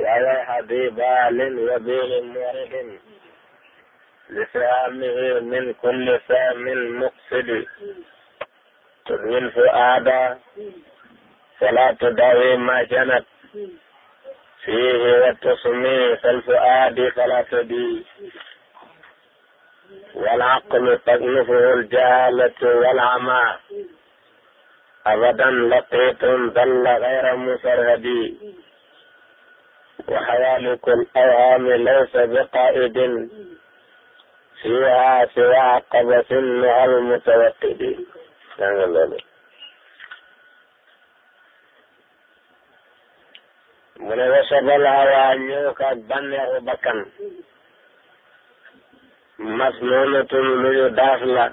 ويحدي بال وبيل مرهم لسامه من كل سام مقصد تدوي الفؤاد فلا تداوي ما جنت فيه وتسمي فالفؤاد فلا تدي والعقل تكنفه الجهالة والعمى أبدا لقيت ذل غير مسرهدي وحيال كل أوهام ليس بقائد فيها سوى قبس مع المتوقدين mu ne wasabal hawaa ñëw ka bànneexu bakkan mas moomatum lu ñu daas la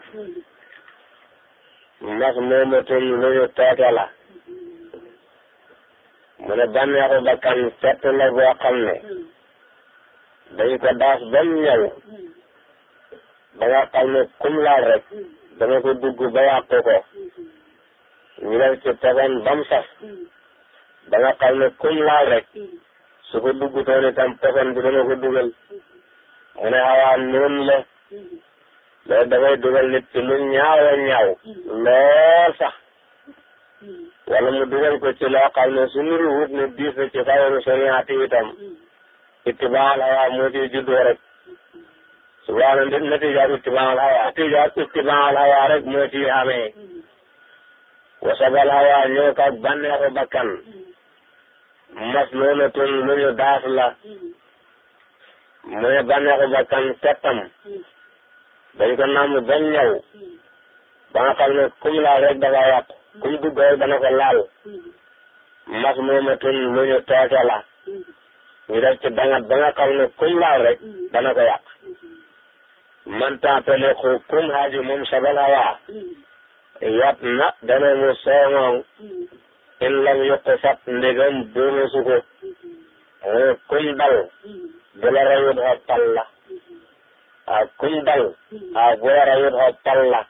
mas moomatum lu ñu tooke mu ne bànneexu bakkan fett la boo xam ne dañ ko daas ba mu ñëw ba nga xam ne kum laal rek dana ko dugg ba yàqu ko ñu def ci togoon ba mu ba nga xam ne kum laal rek su ko dugg toon itam poson bi dana ko dugal mu ne xawaa noonu la loolu dafay dugal nit ci lu ñaaw a ñaaw lool wala mu dugal ko ci loo xam ne su nuru wut ne diis na ci fayaru sariyaati itam ittibaal hawa moo ci juddoo rek subaana nit natiija ittibaal hawa natiija ittibaal hawa rek moo ci amee wasabal hawa ñëw ka bànneexu bakkan mas loolu tun lu ñu daas la mu ne bànneexu bakkan tettam dañ ko namm bañ ñëw ba nga xam ne kum laa rek dafa yàq kuy dugg rek dana ko laal mas moomatun lu ñu tooke la ñu def ci dangat ba nga xam ne laal rek dana ko yàq man taatale ko kum haaju moom sabal hawaa yat na dana mu soŋoŋ in lam yokku fat ndegam dóomu su ko kuñ dal bu la rayut xoppal la waaw kuñ dal waaw bu la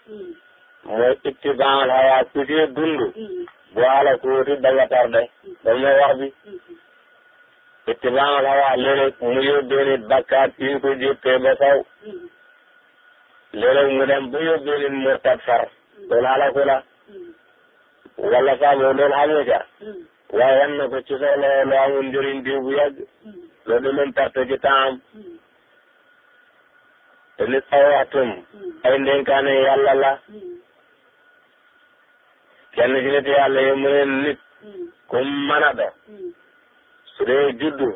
mooy ittibaan xayaa suñuy dund. bu ala kuuti danga tardé. loolu mooy wax bi. ittibaan xayaa léeg mu yóbbee nit bakkaat fi ko ba kaw. léeg mu dem bu yóbbee nit murtad far. loolu alaku la. wala saa boobu loolu xamu ca. waaye yan na ko ci sa loo loo amul njëriñ diw bu yàgg. loolu lañ perte ci temps te waxtum ay ndenkaane yàlla la. kenn ci nit yàlla yi mu ne nit kum mën a doon juddu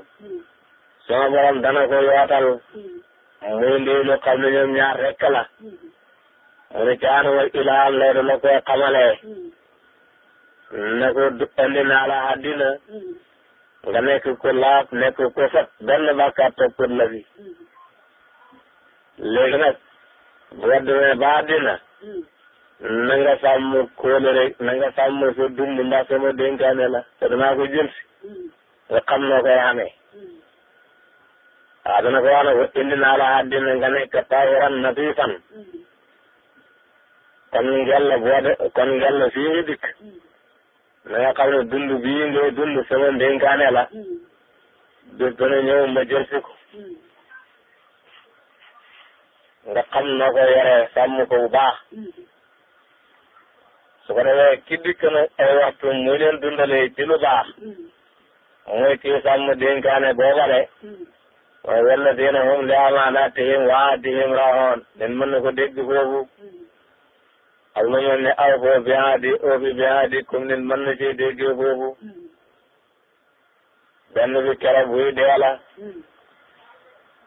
sama borom dana ko yootal muy ndey lu mu ne caanu wal ilaam lay doon la koy xamalee ne ko andi naa la àddina nga nekk ko laab nekk ko fat benn bàkkaar toppul la fi léegi nag bu ba àddina na nga sàmm kóolere na nga sàmm sa dund ndax sama dénkaane la te danaa ko jël nga xam noo koy amee waaw dana ko wax ne ko indi naa la àddina nga nekk taawaran na fii fan kon ngella boo de kon ngella fii nga dikk na nga xam ne dund bii ngay dund la bés dana ñëw ma si ko nga xam noo koy yoree sàmm ko bu baax su ko defee ki dikk nag ay waxtu mu leen dundalee ci lu baax mm. mooy kii sàmm dénkaane boobale mm. waaye walladiina hum li amaanaatihim wa ahdihim raahoon leen mën na ko dégg foofu ak lu mel ne aw foo bi ahdi oofi bi ahdi comme leen mën na cee déggee foofu mm. benn bi keroog buy dee la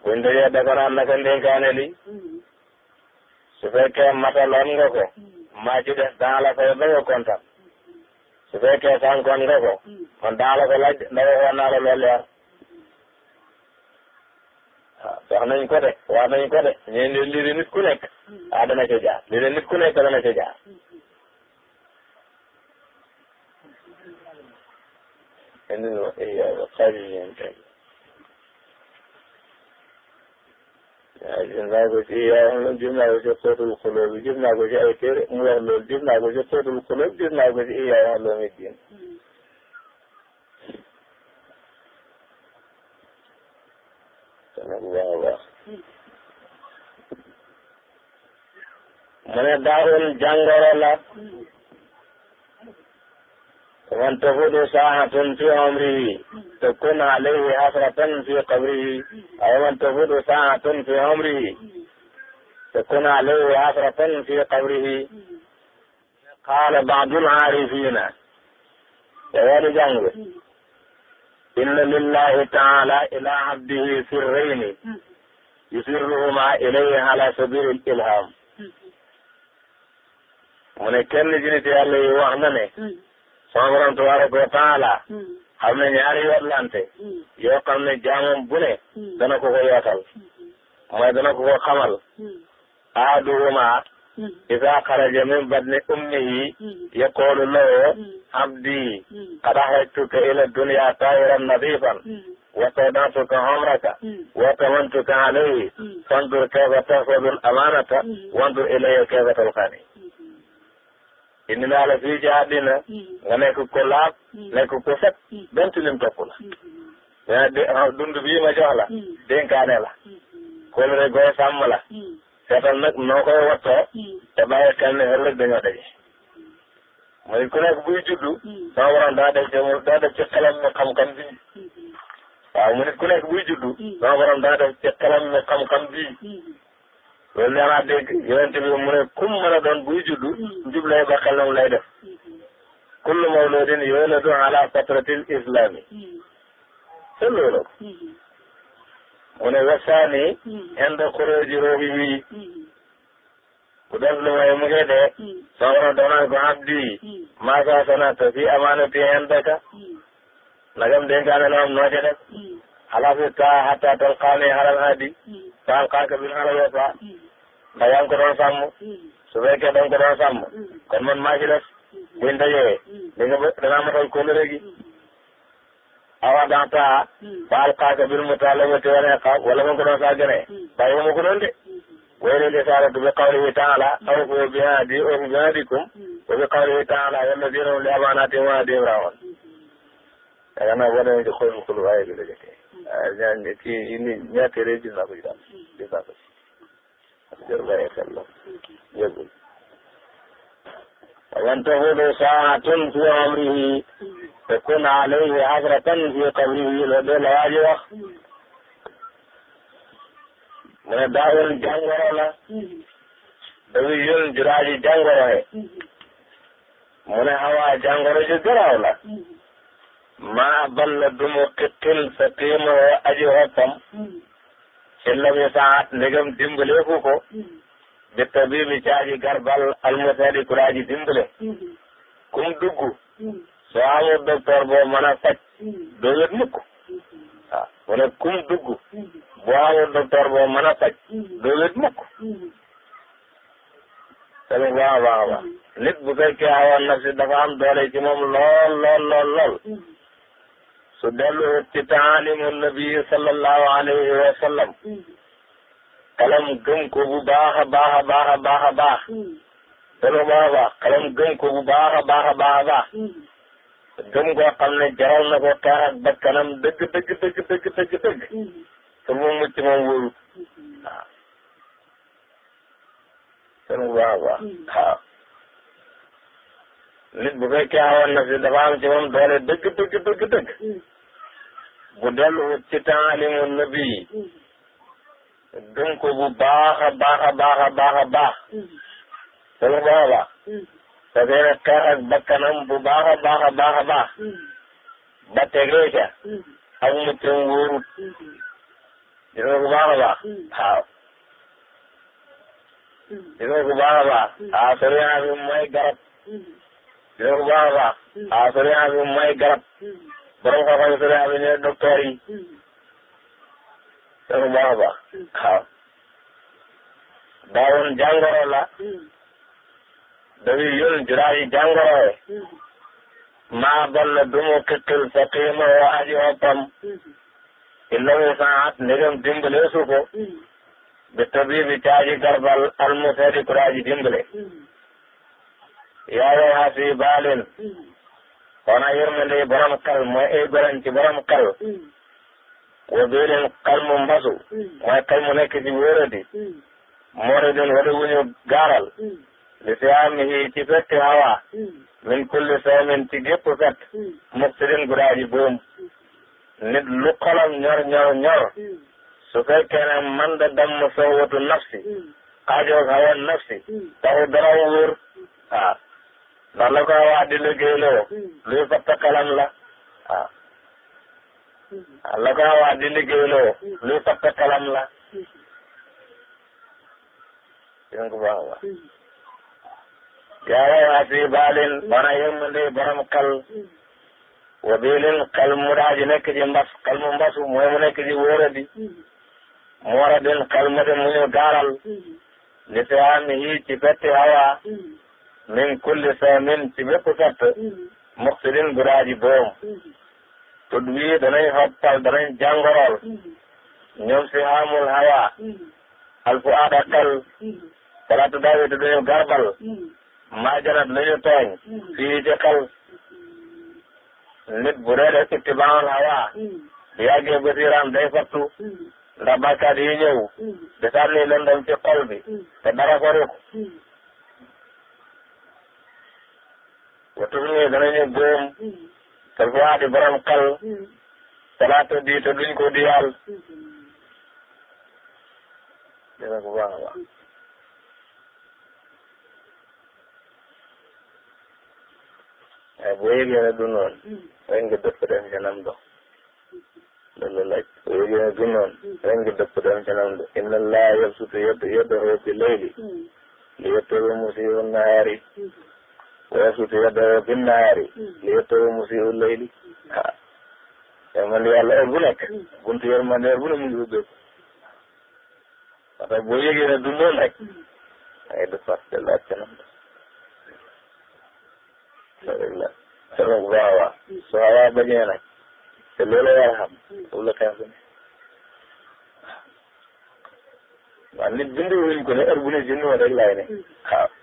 buñ dajee da ko naan naka ndénkaane li su fekkee mataloon nga ko maa ju des dana la koy ba nga kontaan su fekkee sànkoon nga ko kon dana la ko laaj ndax waxoon naa la loolu leer waaw ah, wax nañ ko de wax nañ ko de ñeen lii de nit ku nekk ah waaw gis naa ko ci yaay gis naa ko ci xóotul xulóob gis naa ko ci ay téere mu wax loolu gis naa ko ci xóotul xulóob gis naa ko ci iyaay xaloomi diin bu baax a baax mu ne daawul jàngoro la وأن تفوت ساعة في عمره تكون عليه حسرة في قبره أو أن تفوت ساعة في عمره تكون عليه حسرة في قبره قال بعض العارفين وهذا جنبه إن لله تعالى إلى عبده سرين يسرهما إليه على سبيل الإلهام mu ne kenn ci nit yàlla yi wax na ne sama borom tabaraka wa ne ñaari yootlante hmm. yoo xam ne jaamam bu ne hmm. ko ko yootal hmm. mooy dana ko ko xamal ahaduhuma isa xaraja min badni ummihi yaqulu lahu abdi qad axrajtuka ila dunya tahiran nadifan واستودعتك عمرك واتممتك عليه فانظر كيف تأخذ الأمانة وانظر إلي كيف تلقاني indi naa la fii ci àddina hmm. nga nekk ko laab hmm. nekk ko set hmm. benn tilim topp la yaa ah, dund bii ma jox la dénkaane la kóllëre gooy sàmm la seetal nag noo koy wattoo te ne ëllëg dañoo daje muy buy juddu sama borom daa ci daa def ci xelam mi xam-xam bii waaw buy juddu sama borom daa ci xelam mi xam loolu nee naa dégg yonente bi mu ne kum mën a doon buy juddu hmm. njub lay ba xelam lay def kullu mawludin yuladu ala fatratil islami te hmm. loolu hmm. mu ne wasaani inda xuruji ruuhi wi ku def lu may mu ngi dee sawara ko abdi maa saa sanata fi amaanati indaka nagam dénkaane la am noo ca def xalaatutaa xataa talqaani xalal haadi fa alqaaka hmm. bil xalal wafa hmm. ndax yaa ngi ko doon sàmm hmm. su fekkee da nga ko doon sàmm kon man maa ci des buñ dajee li nga danaa matal kóllëre gi awa daxtaa fa alqaaka bil mutaalabati wal iqaab wala ma ko doon saa gënee bàyyi ma ko doon de waylil isaaratu bi qawlihi taala awfu bi haadi awfu bi haadikum wa bi qawlihi a walladiina hum li amaanaatihim wa ahdihim raawoon danga nag boo demee ci xool xul waaye bi la jëkkee ñaañ kii ni ñaata réew gis naa ko ci daal gis naa ko hmm. ci jor bàyyi xel la yëgul وانتهض ساعة في عمره تكون عليه حسرة la doon waaji mu ne daa yoon la hmm. dafa hmm. yoon la maa balla dumu xittil sa téema woo aji woppam illam hmm. yu saat ndegam dimbaleeku ko hmm. bi tabibi caaji garbal almusadi kuraaji dimbale hmm. kum dugg soo amul docteur boo mën a faj doo wér mukk waaw mu ne kum dugg boo amul docteur boo mën a faj doo wér mukk tamit baax a baax a baax nit bu fekkee awoon nafsi dafa am doole ci moom lool lool lool lool su dellu ci taalimu nabi sallallahu alayhi wa sallam kalam gëm ko bu baax a baax a baax a baax a baax dana baax a baax kalam gëm ko bu baax a baax a baax a baax gëm koo xam ne jaral na ko xeex ak bakkanam dëgg dëgg dëgg dëgg dëgg dëgg pour mu mucc moom wóorut waaw dana baax a baax waaw nit bu fekkee awoon na si dafa am ci moom doole dëgg dëgg dëgg dëgg bu delluwut ci taalimu nabi dun ko bu baax a baax a baax a baax a baax su booba sa seena xeex ak bakkanam bu baax a baax a baax a baax ba tegee ca ak muccam wóorut gis nga bu baax a baax waaw gis nga bu baax a baax waaw soriya bi mooy garab gis nga bu baax a baax waaw soriya bi mooy garab borom xam-xam yi su dee amee yi loolu baax a baax la hmm. dañuy yónni juraay yi jàngoro hmm. maa balla du mu këkkal fa xiima waa aji hoppam hmm. illa mu saat ndegam dimbale su bi tabibi caaji garbal almusadi kuraaji dimbale yaa way hasi baalin xanaa yërmande yi borom mooy ay goran ci borom xel. wa bii leen xel mu mbasu. mooy xel mu nekk ci wóoradi. moo di doon wala wu gaaral. li si ci fetti hawa. min kulli sawmin ci gépp fett. muxsidin gudaa ji nit lu ñor ñor ñor. su fekkee ne man da damm sowatu nafsi. xaajoog hawa nafsi. taxu dara wóor ah. ndax la ko wax di liggéeyloo luy fatt kalam la waaw ah. ah, waaw la ko wax di liggéeyloo luy fatt kalam la yéen ko baax baax yaa way asi baalin bana yërmande borom kal wa biilin kal mu daaji nekk mbas kal mu mbasu mooy mu nekk ci wóoradi mu waradin kal mu de muy gaaral li si am yi ci fette hawa min kulli saamin ci bépp fett muxsirin bu daaji boom tudd wii danañ xottal danañ alfu aada xel salaatu daawi garbal maajanat lu fii ci xel nit bu dee def ittibaawul hawa bu yàggee basiiraam day fattu ndax bàkkaat bi te dara ko Hmm. te tuuti danañu góom te foo di borom xel hmm. talaata di te duñ ko diyaal. Hmm. dina ko baax a baax. waaye eh, du noonu. rek nga dëpp dem ca nam dox. loolu laaj boo yëgee ne du noonu. rek nga dëpp dem ca nam dox. inna laa yabsutu yadahu fi layli li yattaba musii'a nahaari weesutu yedda binnaari hmm. li yettoo musiu layli waaw ah. yërmande yàlla heure bu nekk hmm. buntu yërmande heure bu ne mu ngi ubbeeku parce que boo yëgee ne dundoon rek dangay hmm. def fas dellaat canam la sama bu baax waa su xawaa war a xam foofu la xeex ne waaw nit ko ne heure bu ne junni woon ne waaw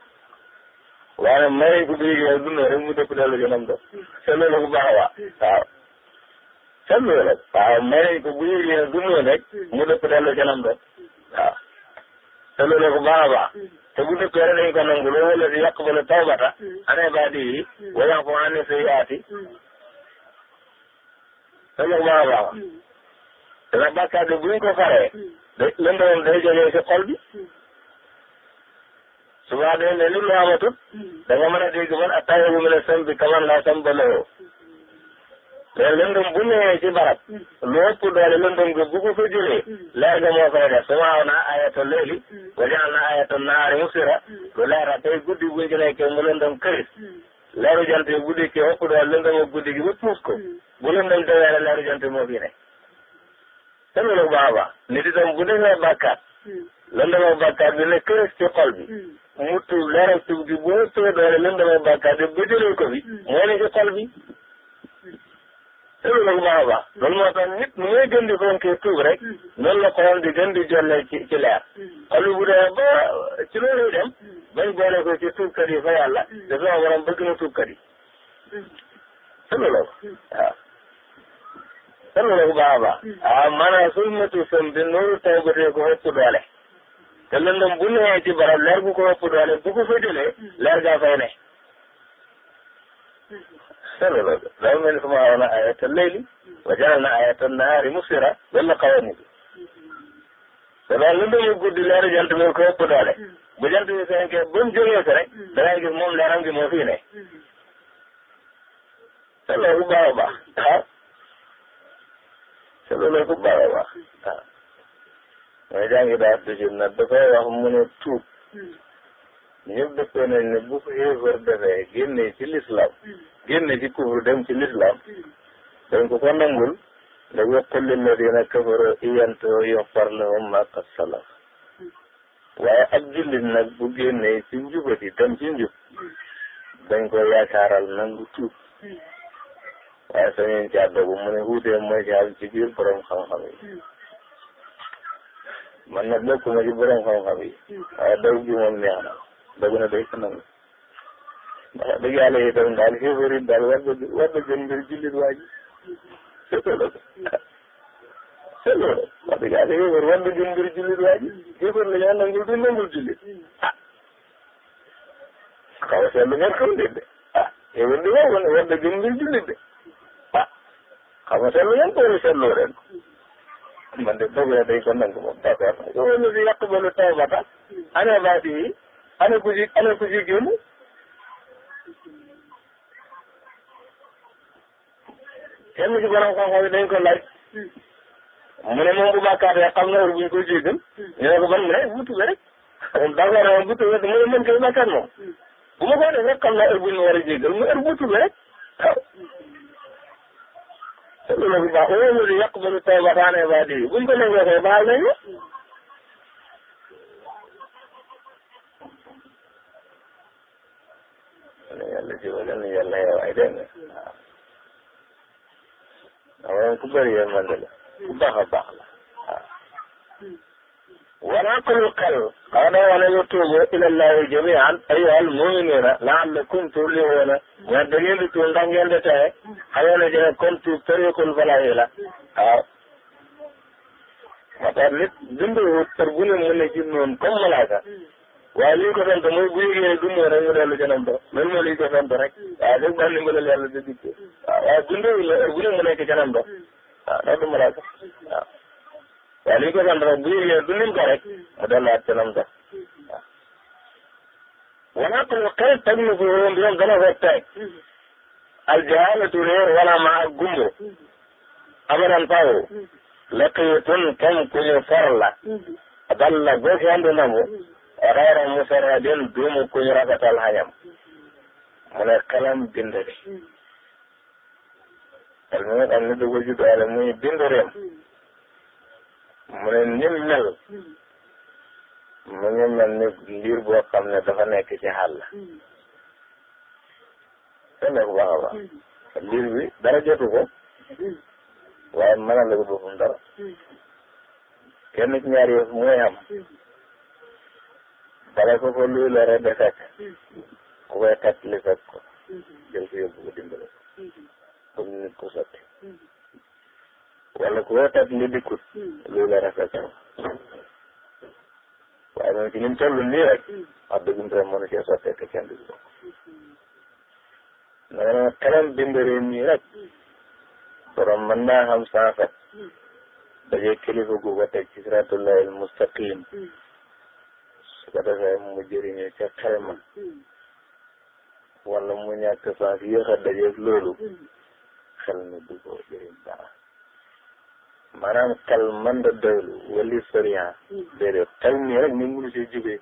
waaye maye bu dégg yow dund rek mu dëpp dellu yoonam def seetlu la bu baax a baax waaw seetlu la rek waaw maye ko bu dégg yow dund rek mu dëpp dellu yoonam def waaw seetlu la bu baax a baax te bu dëppee rek ko nangu loo wala di ana baadi yi wa yàqu an sayyiaati seetlu bu baax a baax dana bàkkaar bi bu ñu ko day lëndawam day si xol bi su ma dee ne li mu amatut hmm. da a dégg man attaque bi mu ne sën bi kaman laa sam ba lëwoo te lëndëm bu ñëwee ci barab hmm. lu ëpp doole lëndëm gi bu hmm. leer ga moo koy def su ma aw naa ayatu leeli wa jaal naa naari musira lu leera tey guddi bu ñu nekkee mu lëndëm këris leeru jant yi guddi ki ëpp doole lëndëm ak guddi gi ba puus ko bu lëndëm tawee leeru jant moo fi ne te loolu baax a baax nit itam bu defee bàkkaat lëndama bàkkaar bi nekk ci xol bi hmm. mu tuub leeral tuub bi bu mu tuubee doole lëndama bàkkaar bi ba jëlee ko bi moo ne ci xol bi tëlu la bu baax a baax hmm. loolu moo tax nit mu ngay gën di fonkee tuub rek hmm. noonu la xolam di gën di jolle ci ci leer xol bu dee ba ci loolu dem bañ boole ko ci tuubkat yi fa yàlla te sama borom bëgg na tuubkat yi tëlu la ko waaw tëlu la bu baax a baax waaw ah maanaam suñu matu sëm bi noonu taw ba tey ko ëpp te lëndëm bu newee ci barab leer bu ko ëpp doole bu ko fa jëlee leer gaa fay ne. loolu la dafa mel ni fu ma waxoon na musira loolu la xaw te loolu lëndëm yu guddi leeru jant bi ko ëpp bu jant bi fenkee ba mu jógee ko rek da ngay gis moom leeram gi moo fii ne. te loolu bu baax a ah. mooy jàngi baat du ci nag da koy wax mu ne tuub hmm. ñëpp dëppoo nañ ne bu ko xéefar defee génne ci lislam hmm. génne ci kufru dem ci lislam hmm. dañ ko ko nangul ndax wa qul lilladina kafaru in yantahu yughfar lahum ma qad waaye ak jullit nag bu génne ci njubati dem ci njub dañ ko yaakaaral nangu tuub waaye sañuñ ci àddogu mu ne wuutee mooy ci am ci biir borom xam-xam man nag bokkuma ci borom xam-xam yi waaye daw ji moom neex na dëgg na day kanam ndax dëgg yàlla itam daal xéefari daal war na war na jël ngir jullit waa ji seetlu la wax dëgg yàlla xéefar war na jël ngir jullit waa ji xéefar la ñaan nangul du nangul jullit ah xaw a seetlu ngeen xam de ah xéefar di wax war na jël ngir jullit de ah xaw a seetlu ngeen ko wala seetlu ren man de foog ne dañ ko nangu moom d'accord yow na si yàqbalu tawbata ana baati yi ana ku ci ana ku ci génn kenn ci borom xam-xam yi dañ ko laaj mu ne moom bu bàkkaatee xam na heure bu ñu koy jéggal ñu ne ko ban mu ne bu tubee rek moom d'accord moom bu tubee mu ne man kay bàkkaat moom bu ma ko def rek xam na heure bu ñu war a jéggal mu heure bu tubee rek waaw te loolu bu baax wala mu di ba mu taw ba xaanee ba di buñ ko nangoo koy baal nañ la. yàlla jubale na yàlla yow ay dégg nga waaw. waaw ku man de la ku baax a baax la waaw. wala tulqal qala wala yatubu ila allahi jami'an ayyuha almu'minuna la'allakum tuflihuna ñaar da ngeen di tuub ndax ngeen di taxe xamee na jëne kon tuub tariqun fala hila waaw moo tax nit dunduwut par bu ne mën na ci noonu comme malaaka waaye li ñu ko sant mooy bu yëgee du mu rek mu dellu jënam ba loolu moo li ko sant rek waaw dëgg ban li mbalal yàlla da dikk waaw waaye dunduwul la bu ne mu nekk jënam ba waaw ndax du malaaka waaw waaye li ñu ko sant rek bu yëgee du lim ko rek mu delluwaat ci lam def waaw. wala ko xel teg na fi woon yow gën a ko teg. aljahaalatu réer wala ma ak gumbo. abadan taw. laqiyatun kam ku ñu for la. dalla boo fi andi nangu. reera musarradin duumu ku ñu rafetal xañam. mu ne xelam bind de. xel mi nag am na dugg ju doole muy bind réem. mu ne nim mel mu ngi mel ni liir boo xam ne dafa nekk ci xàll seen nekk baax a baax liir bi dara jotu ko waaye mënal la ko boppam dara kenn ci ñaar yëf mooy am bala ko ko luy lore de fekk ku koy xet li fekk ko jël ko yóbbu ko dimbale ko comme nit ko sotti wala ku wooteet li dikkut hmm. luy la rafetal waaye moom ci ni mu toll nii rek hmm. wax dëgg mbiram mënu cee sottee te kenn du na hmm. nga ne kanam dimbali nii rek borom mën naa xam saa fekk daje kilifa gu ko teg ci siratullahil mustaqim su ko defee mu jëriñoo ca xelma wala mu ñàkk saa fi yéex a dajeeg loolu xel mi ko jëriñ dara. maanaam xel mën da doylu wali sorian hmm. déedéet xel nii rek ni mënu si jubee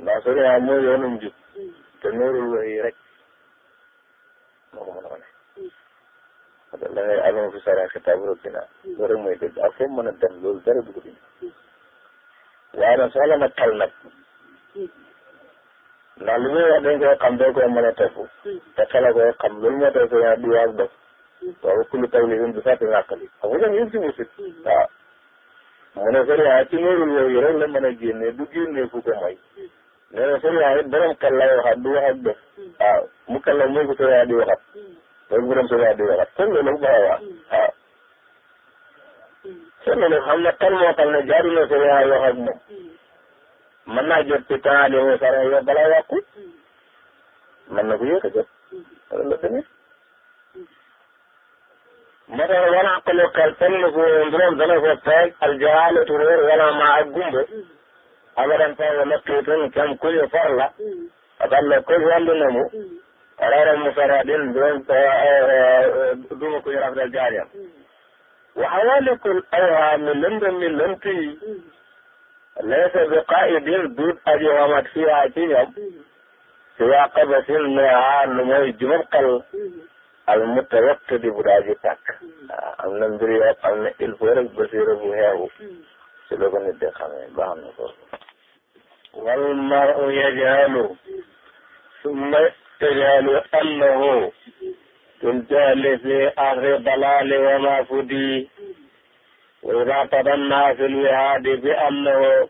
ndax sorian mooy yoonum jub hmm. te noorul wayi rek moo ko mën a wane da ngay alon fi sara kitaabu rabbina hmm. loolu rek mooy dëgg ak foo mën a dem loolu dara du ko dindi waaye na ndax li muy wax dañ koy xam doo koy mën a topp hmm. te xela koy xam loolu moo tax sëñ bi waag dof waaw kullu tawlihim bi fàtte nàqali xam nga ñoom yëpp si musit hmm. waaw mu ne sëriñ ci noorul yooyu rek la mën a génne du génne fu ko mooy hmm. nee na sëriñ it borom xel lay waxaat du wax ak dof waaw mu xel la mooy ko sëriñ di waxat loolu borom sëriñ di waxat kon loolu bu baax waaw sëriñ xam na xel moo xam ne jaadu na sëriñ wax ak moom mën naa jot ci temps de woo sara yow balaa yàqu na ko yéex a jot loolu la wala xelu xel fenn ku moom dana ko peeg al jahaalatu réer wala maa ak gumba fa wala tuutun kam kuñu far la adalla koy wàllu na mu raara mu saradin doon eh, eh, duma kuñu rafetal jaariyam wa xawaalikul awhaami lëndëm mi lënt yi laysa bi qaa'idin duut aji wamat fiyaa ci ñoom siwaa qabatin neexaa lu mooy jumab xel al mutawattidi bu daa ji tàkk am na mbir yoo xam ne il faut rek basira bu xeebu si la ko nit di xamee baax na ko wal mar'u yajhalu summa yajhalu annahu tunjali fi ardi dalaali wa ma fudi وإذا تدنى في الوهاد بأنه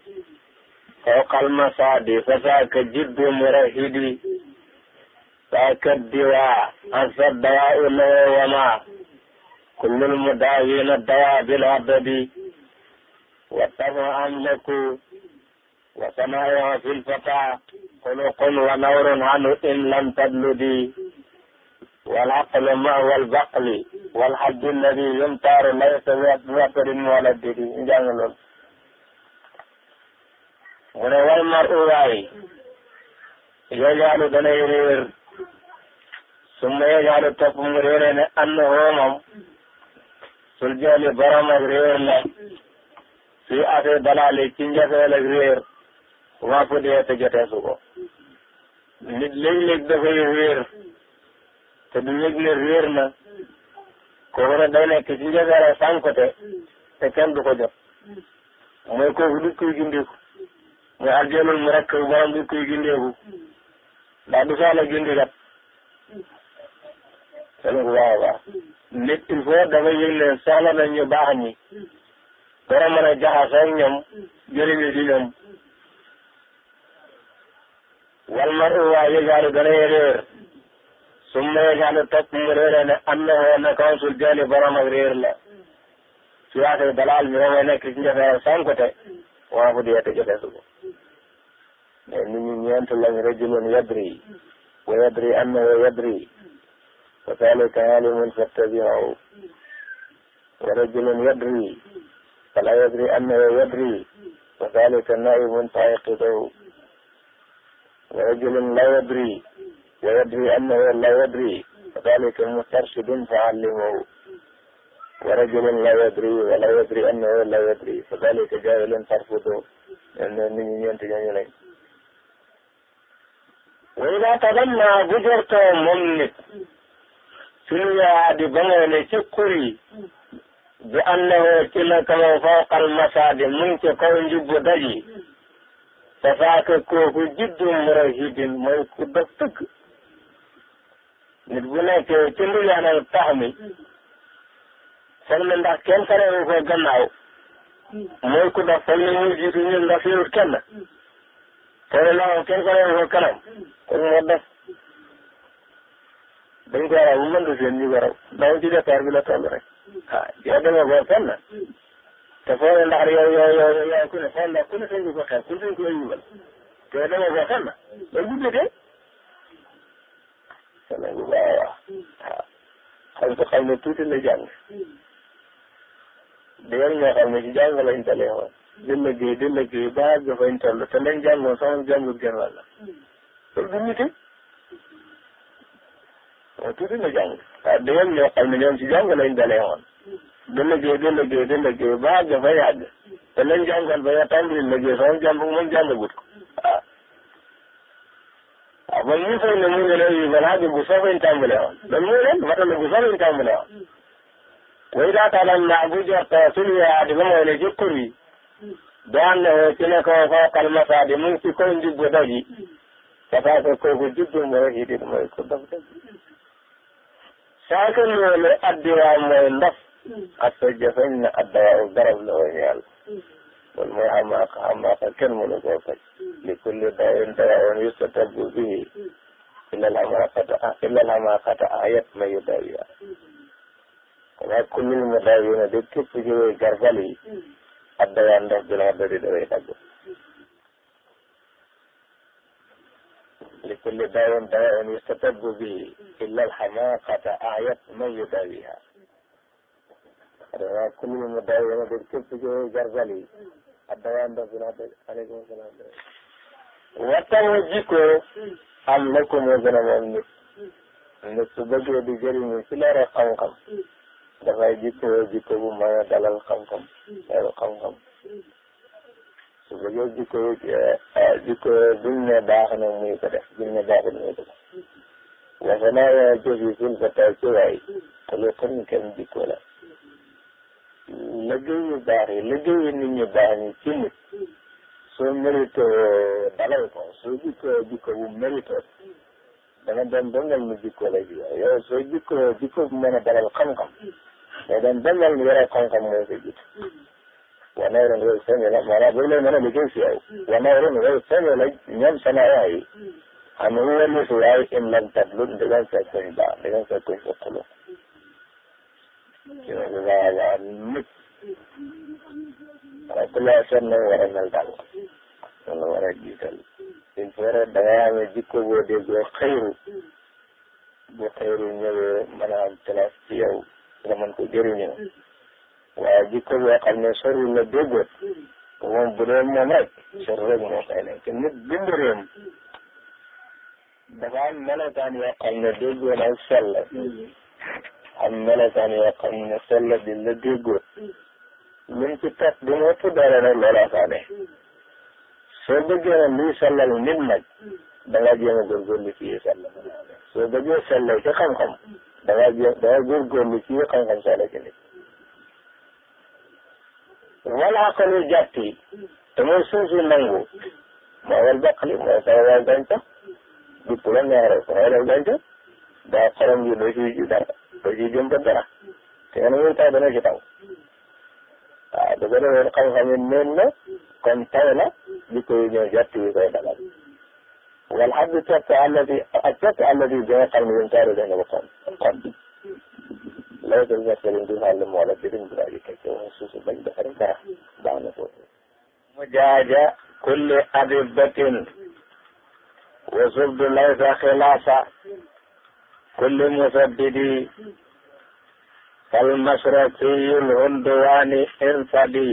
فوق المصاد فذاك جد مرهدي ذاك الدواء أنسى الدواء له وما كل المداوين الدواء بالعدد والطمع أملك وسماعها في الفتى خلق ونور عنه إن لم تبلدي والعقل ما هو البقل والحد الذي يمطر ليس بمطر ولا دليل njàngaloon mu ne wal mar'u waay yajaalu danay réer summa yajaalu topp mu réere ne an hoomam sul jaali borom ak réer la fi afee dalaale ci njafeel ak réer waa fu dee te joteesu ko nit léeg-léeg te du yëg ne réer na kooku nag day nekk ci njëgaare sànkote te kenn du ko jot mooy kooku du koy gindeeku mooy aljanul mu rek borom du koy du soxla gindi kat seen bu baax a baax nit il faut dafa yëg ne soxla nañ ñu baax ñi war a mën a wal mar u waa yëgaaru gën a su ma topp mu réeree na woon ne kaw suul jëli borom ak la su yaatee dalaal bi moom mooy nekk ci njëkk sankute waa ko di yette jote su ko mais nit ñi ñeent lañ rajulun yadri wa yadri annahu yadri wa zalika alimun fattabi'u wa rajulun yadri fala yadri annahu yadri wa zalika naimun fayaqidu wa rajulun la yadri ويدري أنه لا يدري فذلك مسترشد فعلمه ورجل لا يدري ولا يدري أنه لا يدري فذلك جاهل ترفضه لأن من ينتج إليه وإذا تغنى بجرت ممت سنيا دي بمولي شكري بأنه تلك من فوق المساد منك كون جب دجي فذاك كوك جد مرهد موك دفتك nit bu nekk ci ndigaanal tax mi foog ne ndax kenn xarewu ko gannaaw mooy ku dox foog ne muy jiitu ñun ndax yorut kenn foog ne ndax kenn xarewu ko kanam kooku moo def dañ ko raw bu mën di seen ñu ko raw daaw ci départ bi la toll rek ah yow demee ko fenn te foog ne ndax yow yow yow yow ku ne foog ndax ku ne sañ ko xeeb ku ne sañ ko yëngal te yow demee ko fenn loolu bu dee danañ ko baax a wax waaw xam ne tuuti la jàng di yor ñoo xam ne ci jàng lañ tale woon di liggéey di liggéey ba àgg fañ toll te lañ jàngoon sama jàngut gën wàlla loolu du nite waaw tuuti la jàng waaw di yor ci jàng lañ di liggéey di liggéey di liggéey ba àgg fañ àgg te lañ jàngoon ba nga tàmbali liggéey sama jàngut moom jàngagut ko kon ñu foog ne mu ngi lay yu balaa bi bu soobee ñu tàmbalee woon loolu mooy leen ba tamit bu soobee ñu tàmbalee woon. way daa taalan naa bu jorto sunu yaa di ma mooy ne jëkkër yi doon na ci ne ko fookal masa di mu ngi ci kaw njubbu doj yi dafa ko kooku jubbum rek yi di mooy ko dog doj saaka loolu addiwaa mooy ndof ak sa jëfañ na addawaa garab la woon yàlla loolu mooy xamaaxa xamaaxa kenn mënu koo faj li kulli daawin dawaawoon yustajabu bihi illal xamaaxata illal xamaaxata ayat ma yu daawiya waaye kullul mu daawina de képp ci way gargal yi ak dawaan ndox bi la dori daway dagg li kulli daawin dawaawoon yustajabu bihi illal xamaaxata ayat ma yu daawiya waaye kullul mu daawina de képp ci way gargal yi addawa ndox bi naa dégg aleykum salaam waxtaanoo jikko am na ko moo gën a moom nit nit su bëggee di jëriñu ci leeral xam-xam dafay jikkoo jikko bu mën a dalal xam-xam leeru xam-xam su bëggee jikko eh, jikko buñ ne baax na muy ko def buñ ne baaxul muy ko def wasanaa jëf yi ful ko taw ci waay te lu xam kenn jikko la liggéey yu baax yi liggéey yu nit ñu baax ñi ci nit soo mérité dalal ko soo jikkoo jikko bu mérité danga doon dangal mu jikko la ji yow soo jikkoo jikko bu mën a dalal xam-xam day doon dangal mu yore xam-xam moo ko jiitu wanee ren way sañ la maanaam boobu lay mën a liggéey si yow wanee ren way sañ la ñoom sana waay yi xam nga wëlisi waay im lam tablu ndegam fekkuñ baax ndegam fekkuñ ëqulu ci wàllu laaj la am nit waaye ku la sonn war a mel daal loolu war a jiital il faut da ngay amee jikko boo déggoo xëyru bu xëyru ñëwee mën a am place ci yow nga mën ko jëriñoo waaye jikko boo ne sori na déggoot moom bu dee moom rek sori rek moo koy nekk nit bindu réem dafa am melokaan yoo xam ne déggoo na ak sell am melokaan yoo xam ne sell di la déggoo luñ ci pet du mu ëpp dara rek loolaa saa ne soo bëggee ne luy sellal nit nag da ngaa jéem a góorgóorlu ci yi sell soo bëggee sellal ci xam-xam da ngaa jéem da ngaa góorgóorlu ci yi xam-xam sell ci nit wala ko lu jàpp yi te mooy suuf si nangu moo wal baqli mooy sawal gàncax du la neex rek soo wal gàncax daa xorom yu doo ci doo ji jëm dara te yéen a ngi taw dana ci taw waaw bu ko defee xam-xam yi noonu la kon taw la li koy ñëw jot yi koy dalal wal xaddu cott allati ak cott allati bi nga xam ne yéen taaru da nga ba kon kon loolu tamit ñett lañ di xàll moo la dégg nga ji teg ko suuf si bañ defar dara baax na foofu. mu jaaja kulli adibatin wa subdu laysa xilaasa kulli musaddidi kal masrakiyu lhundwani irtadi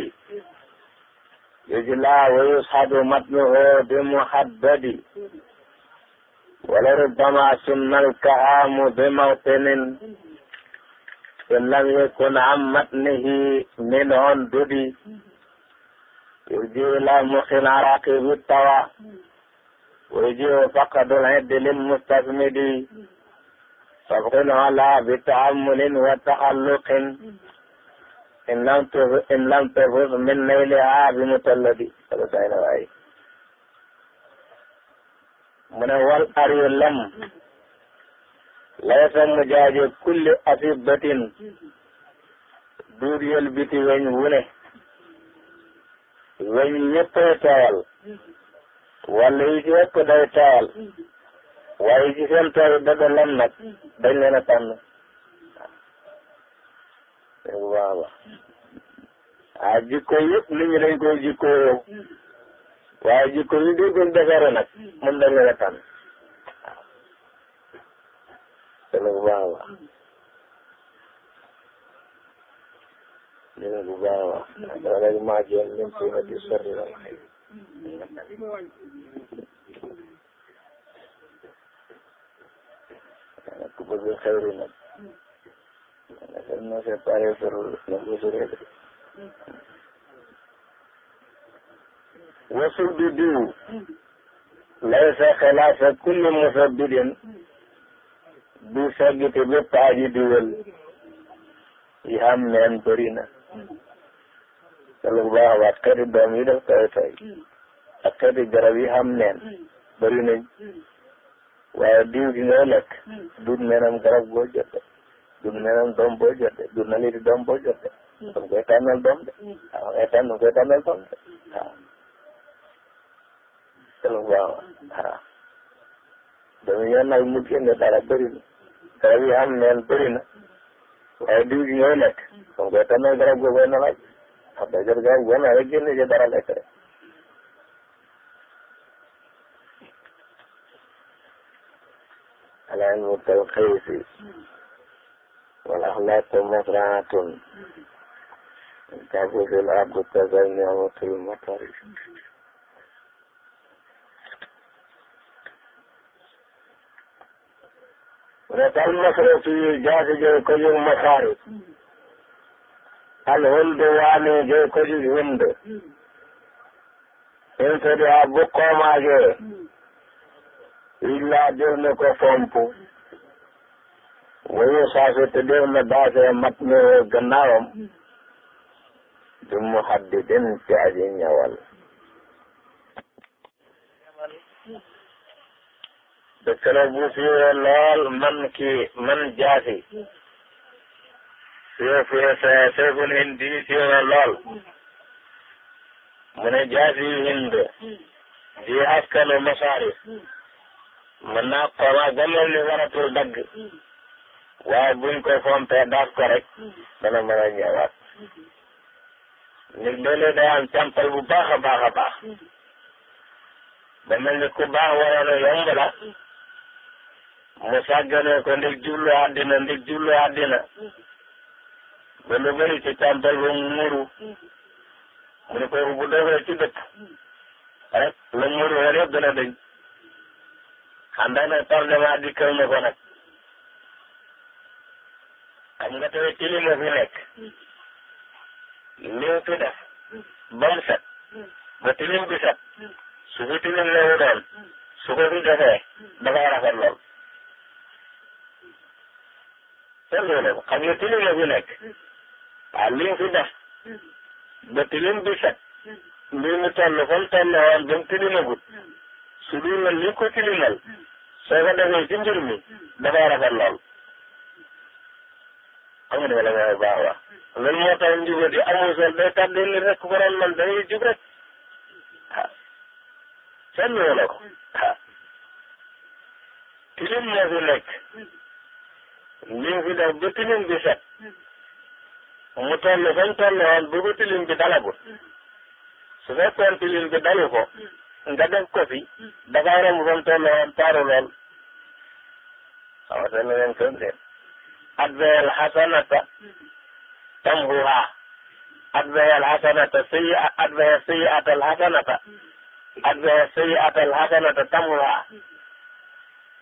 yujla wa yushadu matnuhu bi muhaddadi wala rubbama sunna alkahamu bi mawtinin in lam yakun an matnihi min hundudi yurji ila muhin araqi bittawa ويجيء فقد العد للمستثمد tabtun ala bi taamulin wa taalluqin in lam tafuz in lam tafuz min nayliha bi mutalladi wala say na waay mu ne wal ar yu lam laysa mujaaje kulli asibatin duur yël weñ wu weñ ñëppay tawal wala yi ci ëpp day waaye ci seen tool yi dëgg lam nag dañ leen a tànn waaw ah jikko yëpp nit ñi dañ koy jikko yow waaye jikko yi dañ koy defaree nag moom dañ leen a tànn waaw dina bu baax a baax dina bu nekk bëgg xewri nag nekk na séparé sorul na ko soree de wasul bi diw laysa xilaafa kulli musabbidin du saggite bépp aji diwal yi xam neen bëri na te lu baax waat xeeti doom yi def koy tey ak xeeti garab yi xam neen bëri waaye diw gi ngay lekk hmm. dut menam garab goo jot de dut menam doom boo jot de dut naliti doom boo jot de hmm. dam koy tànnal doom de hmm. ah, waaw ngay tànn koy tànnal doom de waaw telu waaw waaw dama ñëw nag mu génne dara bëri na garab yi am neen bëri na waaye diw gi ngay lekk dam koy tànnal garab goo koy nalaaj xam ah, nga garab goo nalaaj génne dara lekk rek ilmu talxiisi wal axlaaqu masraatun تعبد الأرض تزلزل المطر ونتعلم مصر في جاس جو كجو مصاري الهند واني جو كجو هند انت دعا بقوم آجو illaa def na ko fomp wayu saasu te def na baasee mat ne gannaawam du mu haddidin ci aji ñawal dëkk la bu fiiree lool man kii man jaasi fiiree fiiree sa segun hindi fiiree lool mu ne jaasi hindi di askanu masaarif mën naa xoomaa ba mel ni waratul dagg waaye buñ ko fompee daas ko rek dana mën a ñëwaat nit léeg-léeg day am càmpal bu baax a baax a baax mel ni ku baax waroon a yomb la mu sàgganee ko ndig jublu àddina ndig jublu àddina ba lu bëri ci càmpal ba ko bu doogee ci dëkk rek la muuru rek xam nga nag tardement ko nag xam nga tamit tilima fi nekk liw fi def bi set su tilim lawu doon su ko fi defee dafay rafet lool tënku na ko xam nga bi set mbir mu toll fa mu toll woon ba mu tilimagut su dul li ko soo ko defee ci mi dafay rafet lool xam nga dama la koy baax a baax loolu moo tax njubóot yi amul sol rek ku man da ngay jub rek ah seetlu nga ko ah tilim moo fi nekk li mu fi def ba tilim bi set mu toll fañ toll woon ba ba tilim bi dalagut su tilim bi ko. nga def ko fi dangay romb fa mu toll woon taaru mel xaw ma seen leen kër de adbeel xasanata tamhuha adbeel xasanata sayi adbeel sayi atal xasanata adbeel sayi atal xasanata tamhuha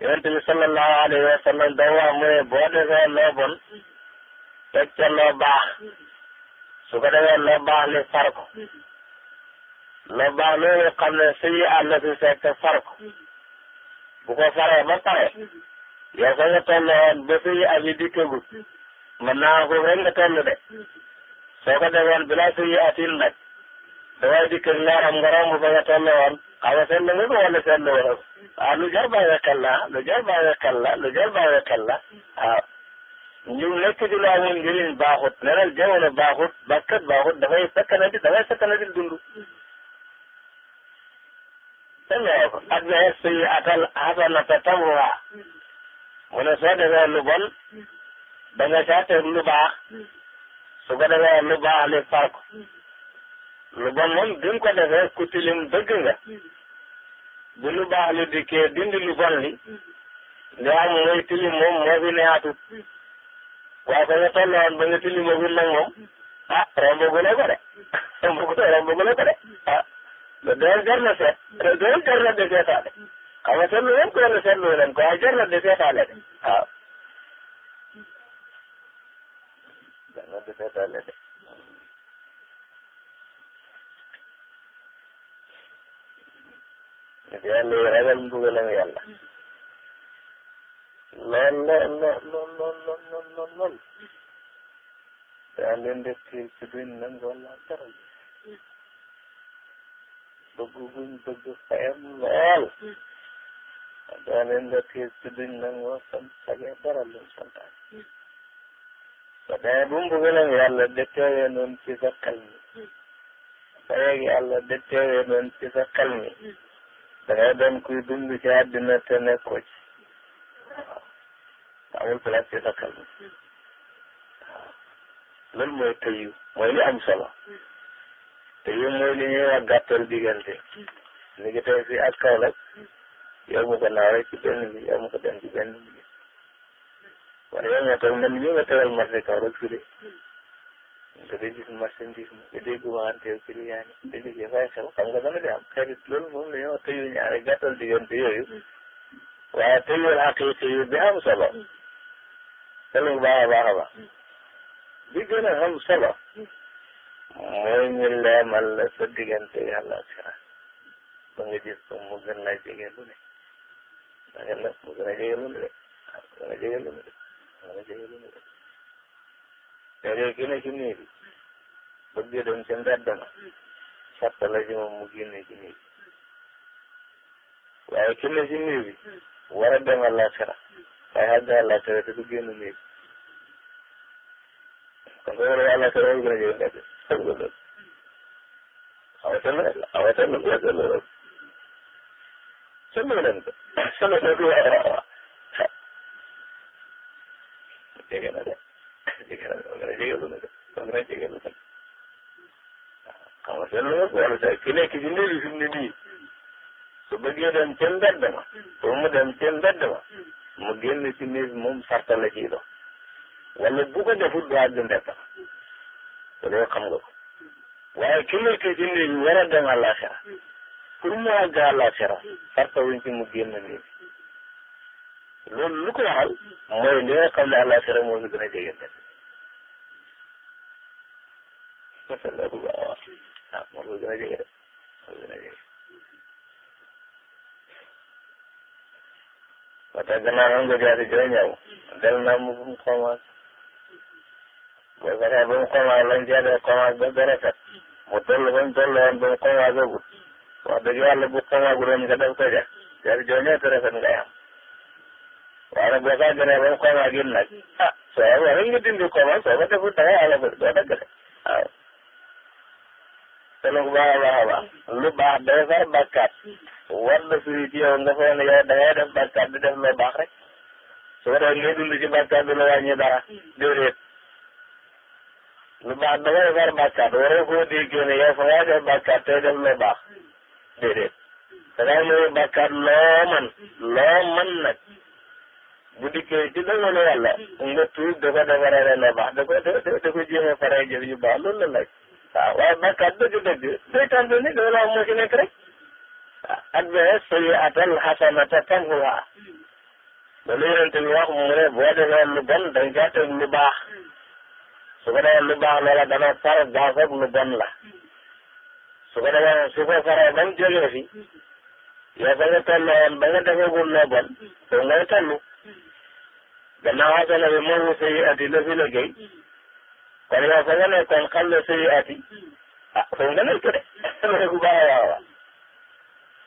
yonent bi sallallahu alayhi wa sallam da wax mu ne boo defee loo bon teg ca loo baax su ko defee loo baax li far ko lu baax loolu xam ne suñu àll si fekk far ko bu ko faree ba pare yow fa nga toll woon ba suñu ab yi dikkagul mën naa foofu rek nga toll de soo ko defoon bilaa suñu atil nag dafay dikk ak leeram nga romb fa nga toll woon xam nga nga ko wala seetlu nga ko ah lu jar bàyyi xel la lu jar bàyyi xel la lu jar bàyyi xel la waaw ñu lekk ci lu amul njëriñ baaxut leneen jamono baaxut bakkat baaxut dafay sakkanati dafay sakkanati dégg nga ko ak ne sayyi'atan hasanatan tamhuha mu ne soo defee lu bon da nga caa teg lu baax su ko defee lu baax li far ko lu bon moom bi nga ko defee ku tilim dëgg nga bu lu baax li dikkee dindi lu bon li li am mooy tilim moom moo fi neexatut waaye ba nga tolloon ba nga tilim moom nag moom ah romb gu la ko de romb gu la ko de ah. lu doon jar na seet lu doon na di seetaale xam nga seetlu yëpp ku na di seetaale de waaw. jar na di seetaale de. yàlla yi ragal lool lool lool lool lool lool lool daa leen def ci ci duñ nangoo laa bëgg buñ bëgg fayam lool daa leen nga tiis ci duñ nangoo sant sage dara luñ santaan ba dee bu mu bëggalam yàlla dëkkeewee noonu ci sa xel mi ba yeeg yàlla dëkkeewee noonu ci sa xel mi da ngay doon kuy dund ci àddina te sa xel mi mooy tëyu mooy li am solo te yu mooy li ñuy wax diggante ni ngi tey fii ak Kaolack yow mu ko naaw rek ci benn bi yow mu ko dem ci benn bi waaye yow nga toog man ñu nga tegal marché Kaolack fii de nga di gis marchandise ma nga dégg waxante yow client yi nga déggee fay xew xam nga dama di am xarit loolu moom la ñoo tëyu ñaari gàttal diggante yooyu waaye tëyul xaqiiqa yu bi am solo te lu baax a baax a baax bi gën am solo mooy ñu leemal la sa diggante yàlla sira ba nga gis ko mu gën la jege lu ne da nga nag ah, mu gën a jege lu ne de mu gën a jege lu ne de mu dem ci mbedd ma sàtt la mu génne ci nii bi waaye ki ne ci nii bi war a dem àllaaxira waaye àgg àllaaxira te du génn nii bi kon loolu àllaaxira war gën a jege mbedd dëgg la awatana awatana awatana rek sama ren ko sama dëgg la waaw dégg na de dégg na de wala jege lu na de wala jege lu na de awatana rek wala sa ki nekk ci ndéli fi mu ne nii su bëggee dem ca mbedd ma pour mu dem ca mbedd ma mu génn ci néeg moom sarta la ciy dox wala bu ko defut du àgg mbedd ma te loolu xam nga ko ki nekk ci néeg bi war a dem àllaaxira pour mu àgg àllaaxira mu génn néeg loolu lu ko waxal mooy li nga xam ne àllaaxira moo ñu gën a jege dem ah moo ko gën a jege dem moo ko gën a jege ba tax gannaaw xam nga jaasi jooy ñaw del naa mu bu mu xaw nga fexe ba mu commencé lañ cee def commencé ba gën a set mu toll ba ba mu commencé gu wax dëgg yàlla bu commencé gu doon nga def ko ja seet a te rafet ngay am waaye nag boo kaa gënee ba mu a gin nag ah soo yaboo rek ba doo dagg de waaw. te lu baax a baax a baax lu baax day far ci yow nga foog ne yow da ngay def bàkkaat di def loo baax rek su ko defee ci bàkkaat bi la wàññi dara lu baax da ngay defar bàkkaat waroo koo déggee ne yow fa ngay def bàkkaat tey def lu baax déedéet da ngay yooyu bàkkaat loo man loo man nag bu dikkee ci dogalu yàlla nga tuub da ko defaree lu baax da ko da ko jéem a faree yu baax loolu la nag waaw waaye bàkkaat dëgg-dëgg day tànn ni loolu laa moo ci nekk rek at bee sayyi'atal hasanata tamhuha loolu yonent bi wax mu ne boo defee lu bon da nga lu baax su ko defee lu baax loola dana far gaafeeg lu bon la su ko defee su ko faree ba mu jógee fi yow ba nga tolloo woon ba nga defagul loo bon foofu ngay toll gannaaw xasana bi moomu sayi ati la fi liggéey kon yow fa nga nekkoon xam ne sayi ati ah foofu nga nekk de loolu bu baax a baax la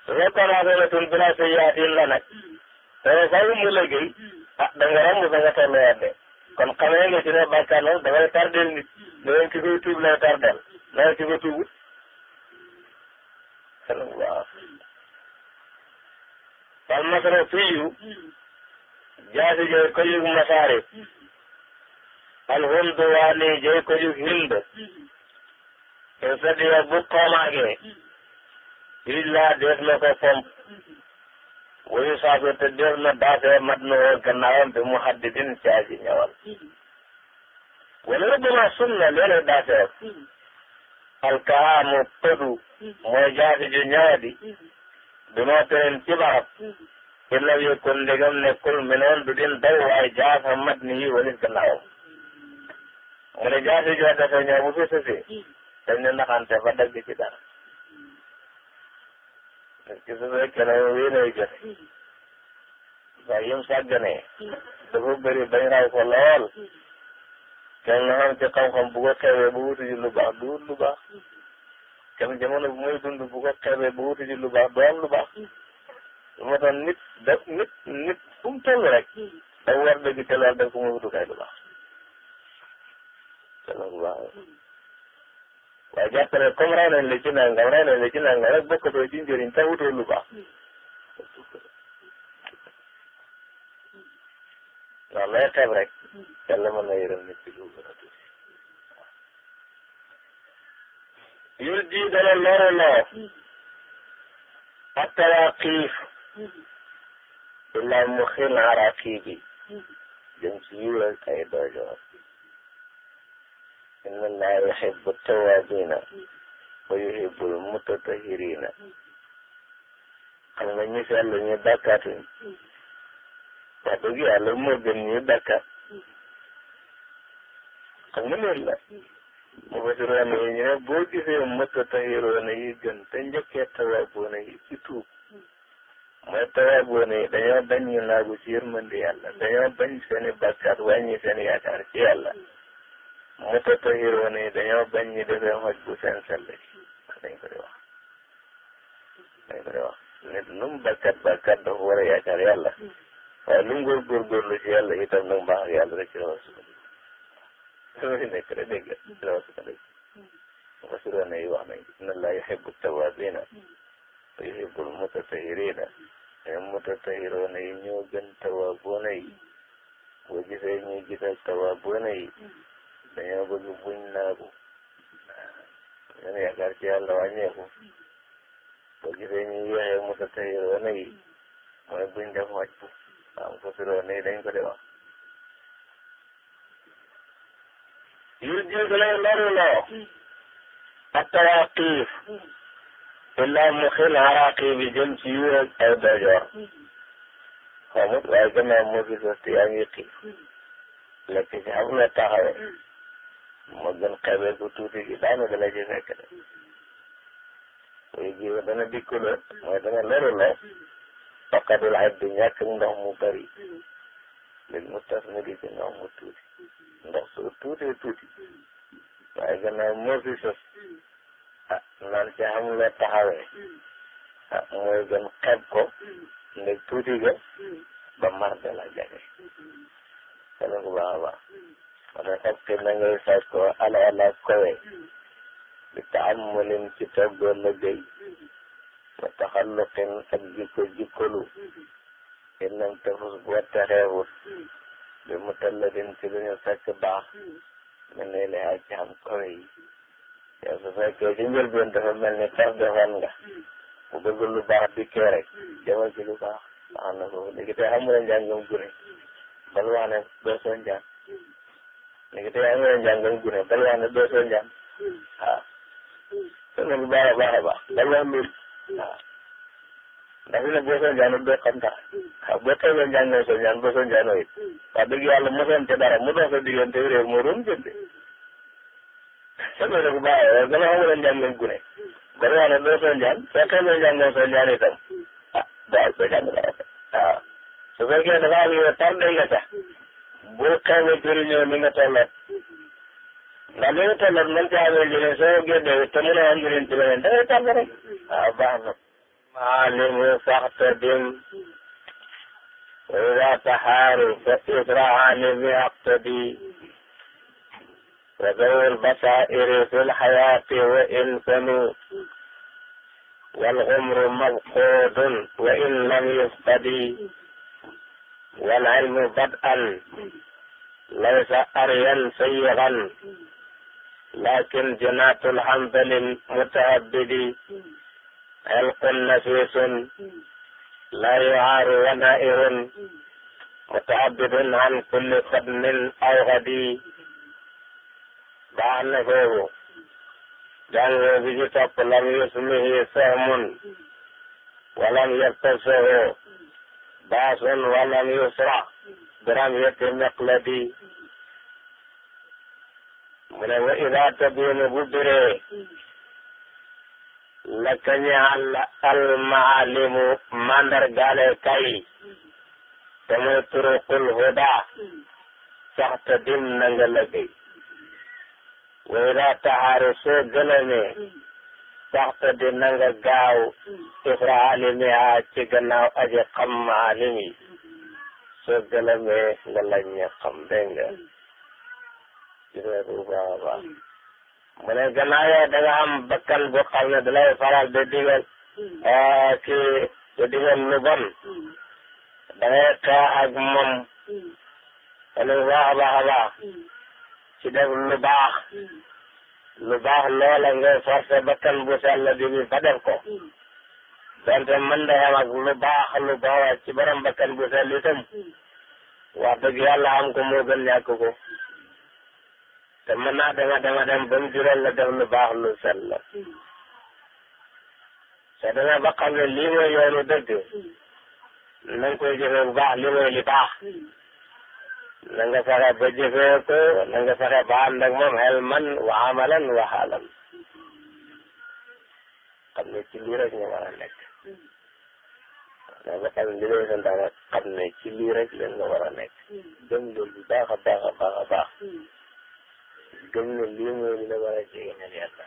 su fekkoon xasana tun bi la sayi ati la nag te yow fa mu liggéey ah da nga romb fa nga tolloo kon xamee nga ci ne bàkkaar la dafay tardel nit loolu ki koy tuub lay tardel loolu ki ko tuubut waaw wal masara fiyu jaasi jey ko yug masaari al hundu waani jey ko yug hind in sadiya bu xoomaagee illa dees na ko pomp wuyu saabu te def na daafee mat na woo gannaawam bi mu haddidin ci aji ñëwal. wala rabbina sunna léeg-léeg daafee. Hmm. alkahaamu pëdu. Hmm. mooy jaasi ju ñaadi. Hmm. du ma tereen ci barab. illa yukun ndegam nekkul minoon du din daw waaye jaasa mat ni yi walis gannaawam. mu ne jaasi joo dafa ñëw bu fi sufi. dañ ne naxante fa dagg ci dara. parce que su fekkee ne yow yéen ay jot waaye yim sàgganee dafa bëri bañ raw ko lool kenn nga xam ci xam-xam bu ko xeebee bu wuti ji lu baax du wut lu baax kenn jamono bu muy dund ji lu baax du am lu baax nit da nit nit fu mu toll rek da war dëgg te loolu daf ko muy baax waaye jàpp ne comme raw nañ la ci nangam raw nañ la ci nangam te wutoo lu baax waaw looy xeeb rek yàlla mën na yërëm nit ci lu gën a tuuti yur ji dana loraloo mu xin araa kii bi jëm ci yiw ak ay inna allaha yuhibbu tawabina wa yuhibbul mutatahirina xam nga ñu fi yàlla ñu bàkkaatuñ wax dëgg yàlla moo gën ñu bàkkaat xam nga loolu la mu fasiroon yi ñu ne boo gisee mutatahiroona yi gën te njëkkee tawaaboona yi ci tuub mooy tawaaboona yi dañoo bañ ñu naagu ci yërmande yàlla dañoo bañ seeni bàkkaat wàññi seen yaakaar ci yàlla mu tatahiroon yi dañoo bañ ñu defee xoj bu seen selle dañ ko di wax dañ ko di wax nit nu mu bakkat bakkat dafa war a yaakaar yàlla waaye lu mu góor góorgóorlu ci yàlla itam nag mbaax ak yàlla rek ci la war a sukkandiku dama si nekk rek dégg ci la war a sukkandiku mufassiroon yi wax nañ inna allah yuhibbu tawabina wa yuhibbul mutatahirina te mutatahiroon yi ñoo gën tawaboona yi boo gisee ñuy gisal tawaboona yi dañoo bëgg buñ naagu ngeen yaakaar ci yàlla wàññeeku boo gisee ñuy yéexee mu tatahiroon yi mooy buñ def wàcc am ko siroon yi dañ ko di wax yur jiig lay loruloo attawaaqiif illaa mu xil xaraaqi bi jëm ci yuur ak ay dojoor xamut waaye gannaaw moo fi sos te yaa ngi xiif lekk ci xam la taxawee moo gën xewee gu tuuti gi daana dala ci fekk de koy jiw dana dikku la mooy dana leru la toqatul ay du ñàkk ndox mu bari lil mu tas mu di ci ndox mu tuuti ndox su tuutee tuuti waaye gannaaw moo fi sos ah naan ci xam la taxawee ah, gën xeeb ko ndeg tuuti ga ba mar dala jage te la ko baax a baax wala takk na ngay sakkoo alaala kowe bi taamulin ci toggoo lëggéey wa taxalluqin ak jikko jikkalu innam tafus bu watta xeewut bi mu talladin ci lu ñu sakk baax mu ne laa ci xam kowe yi yow su fekkee ci njëlbeen dafa mel ni tax defan nga bu bëgg lu baax dikkee rek jamal ci lu baax wax na foofu léegi te xamula njàngam gune bal wax ne doo soo léegi tey yaa ngi leen jàngal gune bal yaa ngi dootoo jàng waaw te loolu baax a baax a baax bal yaa mbir waaw ndax dina dootoo jàng doo xam tax waaw boo teelee yàlla mosante dara mu dox sa diggante réer moo doon jënde te loolu bu baax a dama xamul leen jàngal gune bal yaa ne dootoo jàng soo teelee jàngee soo jàng itam ah baax soo jàng nga sax bul xew a jëriñoo li nga tolloot ndax li nga tolloot man caa amee njëriñ soo génnee te mën a am njëriñ ci leneen dangay tàgg rek waaw baax na maalimu faxtadim wa taxaaru fa israani mi aqtadi wa dawul basairi fi lxayaati wa in sanu wal umru mafqudun wa in lam yuftadi wal ilmu bad'an laysa aryan sayyigan lakin junaatul hamdalil mutahabbidi alqun nafisun la yuaaru wa nairun mutahabbidun an kulli xadmin aw xadi baax na foofu jàngoo bi ci topp lam yusmihi sahmun walam yaktasahu baasun walam yusra gram yetti miqladi mu ne wa ida tabiinu bu biree laka ñaal almaalimu mandargaale kay te muy turuqul huda sax te dim na nga lëggéey wa ida taxaaru soo gëlëmee sax te di na nga gaaw ifra alimiha ci gannaaw aji xam maalimi soo gëlëmee nga laaj nga gis nga bu baax a baax mu ne gannaaw yooyu da nga am bakkan bu xam ne da lay faral di digal hmm. eh, kii di digal lu bon hmm. hmm. ci def lu baax lu baax loola ngay forcé bakkan bu sell bi ko donte mën na yem ak lu baax lu baax ci borom bakkan bu sell itam wax dëgg yàlla am ko moo gën ñàkk ko te mën naa dema dema dem ba mu jural la def lu baax lu sell la te dana ba xam ne lii mooy yoonu dëgg na nga baax lii mooy li baax nga fexe ba jëfee ko na nga fexe ba ànd ak moom xel man wa amalan wa xaalan xam ne ci waaye ba tamit li lay santaane xam ne ci lii rek leen nga war a nekk. gëm loolu bu baax a baax a baax baax. gëm li la war a jegeñal yàlla.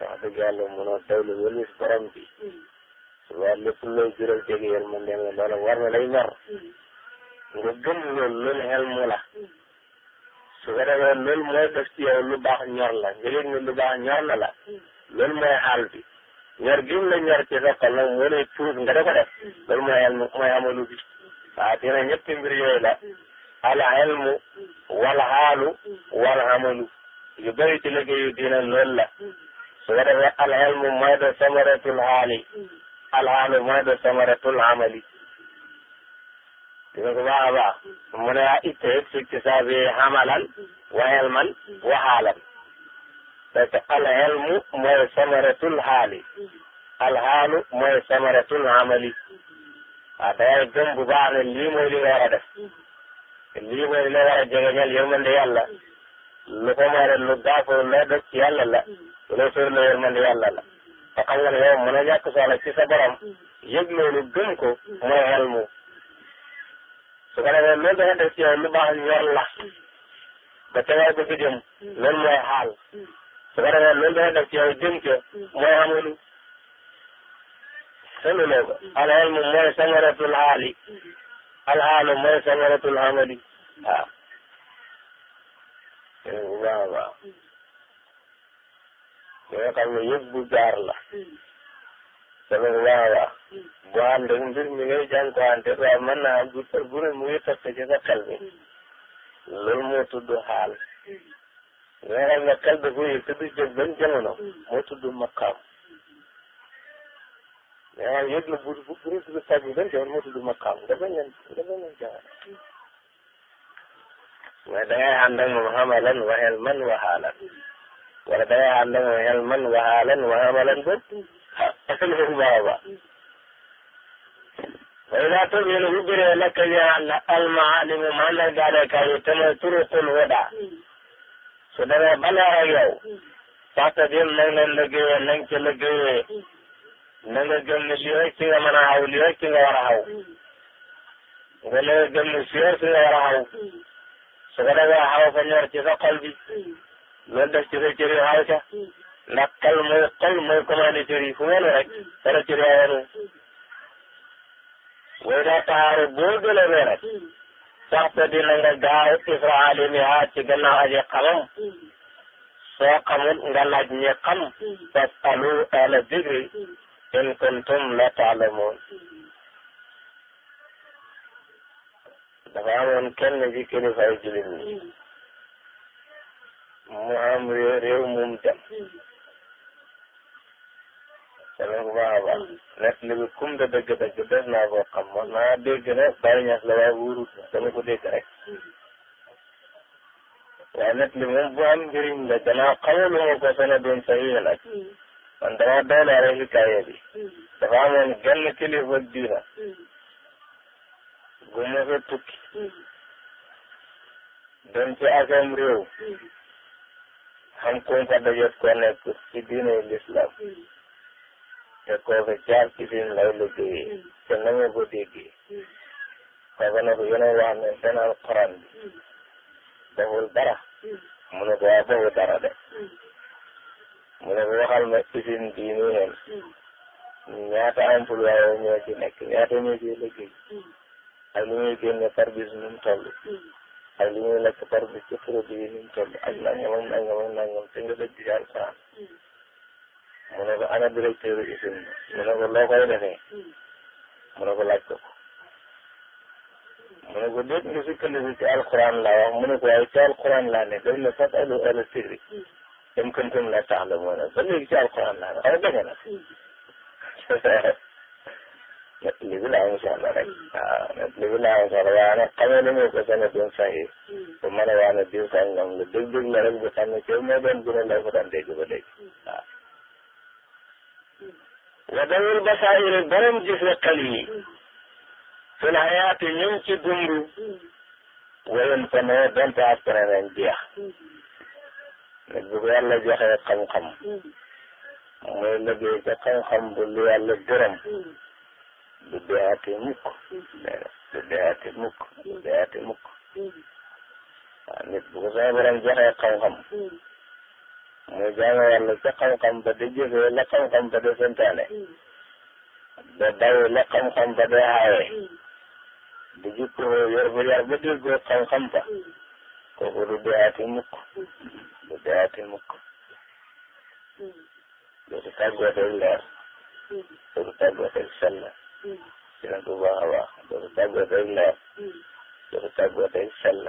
wax dëgg yàlla mënoo dawlu wëlis borom bi. su boobaa lépp looy jural jege yéen man dem na loola war na lay ñor. nga gëm loolu loolu xel mu la. su ko defee loolu mooy def ci yow la nga yëg ne lu baax na la. loolu mooy xaal bi. ñor gim la ñor ci sa xol nag moo puus nga ko def loolu mooy almu mooy amalu bi waaw dina ñetti mbir yooyu la al ilmu wal xaalu wal amalu yu bëri ci liggéeyu dina loolu la su ko defee al ilmu mooy de samaratul xaali al xaalu mooy de samaratul amali dina ko baax a baax mu ne saa bi xamalan wa ilman wa xaalan fekk alxelmu mooy samaratul xaali alxaalu mooy samaratul amali waaw dangay baax ne lii mooy li nga war def lii mooy li la war a jegeñal yërmande yàlla lu ko mooy lu gaafoo la dëkk ci yàlla la lu la sori la yërmande yàlla la te xam nga ne yow mën a ñàkk soxla ci sa borom loolu gëm ko mooy xelmu su ko defee loolu dafa def ci lu baax ñor la ba teewal ko fi jëm loolu mooy xaal su ko defee loolu ci yow jëm ca mooy amul sëndu loo ko alxel mu mooy samaratul xaali alxaalu mooy samaratul xamali waaw bu a baax yoo xam ne yëpp bu jaar la sama bu baax a baax bu ànd ak mbir mi ngay jànkuwante waaye mën naa am bu bu mu ngi topp ci sa xel bi loolu moo tudd xaal leeral na xel dafa yëg te du jël benn jamono mm. moo tudd maqaam leeral yëg na bu bu bu du tàgg benn jamono moo tudd maqaam dafa ñan dafa ñan jamono mais da ngay ànd ak moom xamalan waxeel man waxaalan wala da ngay ànd ak moom waxeel man waxaalan waxamalan bët ah loolu baax a baax وإذا تبين ببر لك جعل المعالم معنى قال كي تمترق الودع su demee ba leer ak yow waxta bi na nga leen liggéeyee na nga ca liggéeyee na nga gëm ne lii nga mën a xaw lii a xaw si rek ci nga war a bi loolu def ci sa ca ndax xol mooy xol mooy commandé fu ngeen rek dara cër yaa woon way daa taxaaru boo gëlee waxta dina nga gaaw israalimiha ci gannaaw aji xamam soo xamul nga laaj ñi xam fasalu ahla zikri in kuntum la taalamuun dafa amoon kenn ci kilifay jullit mu am réew mum dem tamit bu baax net li bi kum de dëgg dëgg des naa koo xam man naa dégg ne bàyyi ñaas la waaye wóorut dama ko dégg rek. waaye net li moom bu am njëriñ la danaa xamal ma ko sene doon saxiix nag. man damaa dooleel rek hikaaya bi. dafa amoon genn kilifa diina. gu mos a tukki. ci akam réew. xam ku mu fa dajeet ko nekk ci diine l'islam. te kooku jaar ci biir lay liggéeyee te na nga ko déggee kooku ne ko yéen a wax ne seen alxuraan bi deful dara mu ne ko waa defu dara de mu ne ko waxal ma usine bii nii leen ñaata emploi ñoo ci nekk ñaata ñoo ciy liggéey ak li ñuy génne par bis nu mu toll ak li ñuy lekk par bis ci produit yi nu mu toll ak nangam ak nangam ak nangam te nga dëgg ci alxuraan mu ne ko ana directeur bi usine bi mu ko loo koy defee mu ne ko laaj ko mu ko déet nga sukkandiku ci alquran laa wax mu ko waaye ci alquran laa ne dañ la fasalu ahla zikri in kuntum laa ta'lamuun ba léegi ci alquran laa ne xaw dañu na li bi laa am soxla rek waaw li bi laa am soxla waaye nag xamee nañu ko sama doon saxi bu mën a waa ne diw sàngam la dëgg-dëgg la rek bu xam ne ci moo doon gën a lay ko daan dégg ba dégg wa dawul basaayir borom gis la xel yi fil hayaati ñum ci dund wayen ko ne donte après ren jeex nit bu ko yàlla joxee xam-xam mooy liggéey ca xam-xam bu lu yàlla gërëm du deeati mukk du deeati mukk du deeati mukk waaw nit bu ko sama borom joxee xam-xam mu jaamu yàlla ca xam-xam ba di jëfee la xam-xam ba di santaane da mm. daw la xam-xam ba di aaye mm. di jikko yor bu ba déggoo xam-xam ba mm. kooku du deeati mukk du deeati mukk du tàggoo teg leer du tàggoo teg sell dina ko baax a baax du tàggoo teg leer du tàggoo teg sell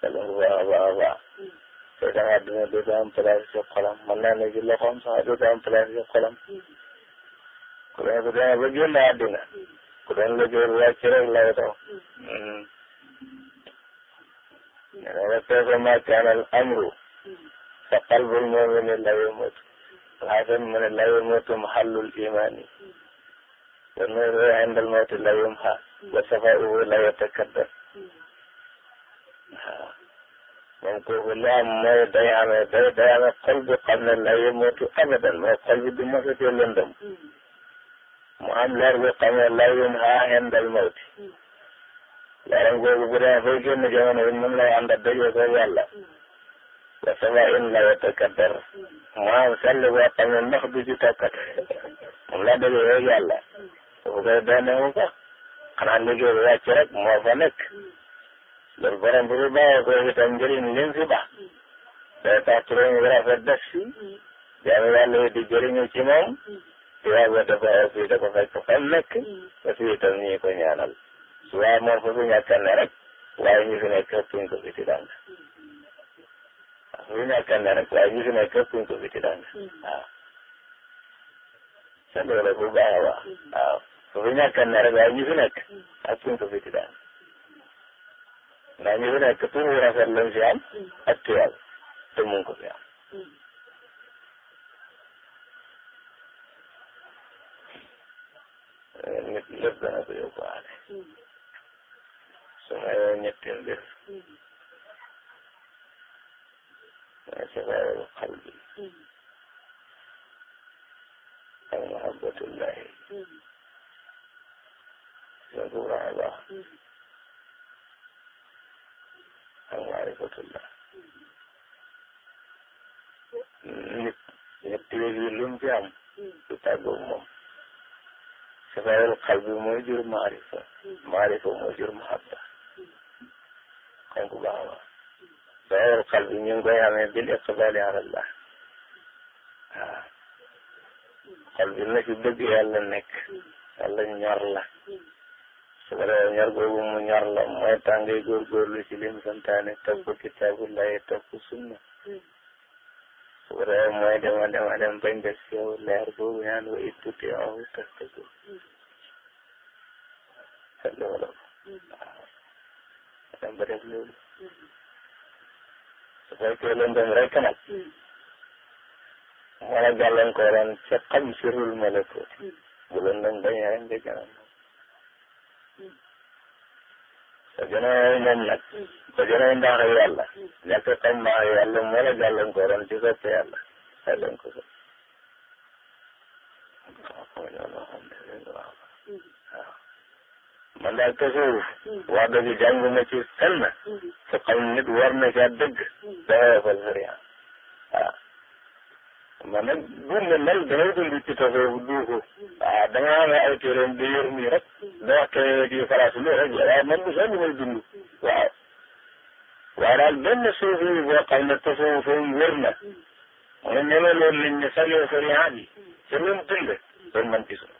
dina ko a loolu da ngaa dina dootu am place ci xolam mën naa ne ci loxoom sax dootu am place ci xolam ku doon ku doon ba génn àddina ku doon la jóor wàcc rek lay daw nee na rek fee ko ma kaanal amru fa mm-hmm. qalbul mu'mini mm-hmm. la yamutu alxasan mu ne la yamutu mahallul imani والنور عند الموت لا يمحى وصفاؤه لا يتكدر moom kooku li am mooy day amee day day amee xol bu xam ne la yëngatu abadan mooy xol bi du mos a tee lëndëm hmm. mu am leer bu xam ne la yum haa indal mawti hmm. leeram googu bu demee fay génn jamono bi moom lay ànd ak dajee ko yàlla hmm. wa sama in la wa takaddar mu am sell boo xam ne ndox du ci tokkat moom la dajee ko yàlla bu koy doone mu ko xanaa liggéey bi wàcc rek moo fa nekk loolu borom bu fi bàyyeekoo itam njëriñ fi ba day tax ci lañu rafet def si jaamu yàlla di jëriñu ci moom di rafet dafa aussi dafa fekk fan nekk aussi itam ñi ko ñaanal su waaye moom foofu ñàkk ne rek waaye ñu fi nekk ëppuñ ko fi ci dàng foofu ñàkk ne rek waaye ñu fi nekk ëppuñ sa doole bu baax a baax waaw foofu ñàkk ne rek waaye ñu fi nekk ëppuñ ndax ñu nekk tur wu rafet lañ si am ak tuyaal te mu ngi ko fi am. Eh, nit lépp dana ko yóbbaale. su ma yor ñetti mahabbatullahi. Mm. loolu bu baax a baax. ak maarifatullah nit ñetti wér yi lu mu ci am hmm. du tàggoog moom sifaayul xalbi mooy jur maarifa hmm. maarifa mooy jur mahabba hmm. kon ku baax ma sifaayul xalbi ñu ngi koy amee bil iqbali alallah waaw xol bi na ci bëgg yàlla nekk yàlla ñor la su ko defee ñor googu mu ñor la mooy tàngee góorgóorlu ci lim santaane topp hmm. kitaabullahi topp sunna su ko defee mooy dema dema dem bañ def ci yow leer googu ñaan wa it tuuti aw tas tegu loolu dem ba def loolu su fekkee lëndëm rek nag mën a gàllankooroon ca xam sirrul malakoot bu lëndëm bañee rek nga jëloon gën na yey ñoom nag ba gën a ndax yàlla ñàkk xam naa yàlla moo la gàllankooroon ci sopp yàlla gàllankoor waaw man daal tasawuf wax dëgg jàng ma ci fenn fu war na caa dëgg dafa yefal sariya waaw man nag buum ne mel dafay dund ci tafee bu duuxu waaw ah, da nga xam ne ay téeréem di yor nii rek da wax te kii faraas lu rek waaye man bu sax ñu may dund waaw waaye daal benn suuf yi boo xam ne tasawuf foofu wér na mu ne ñeme loolu nit ñi sañoo sariya bi te loolu dund loolu man gisuma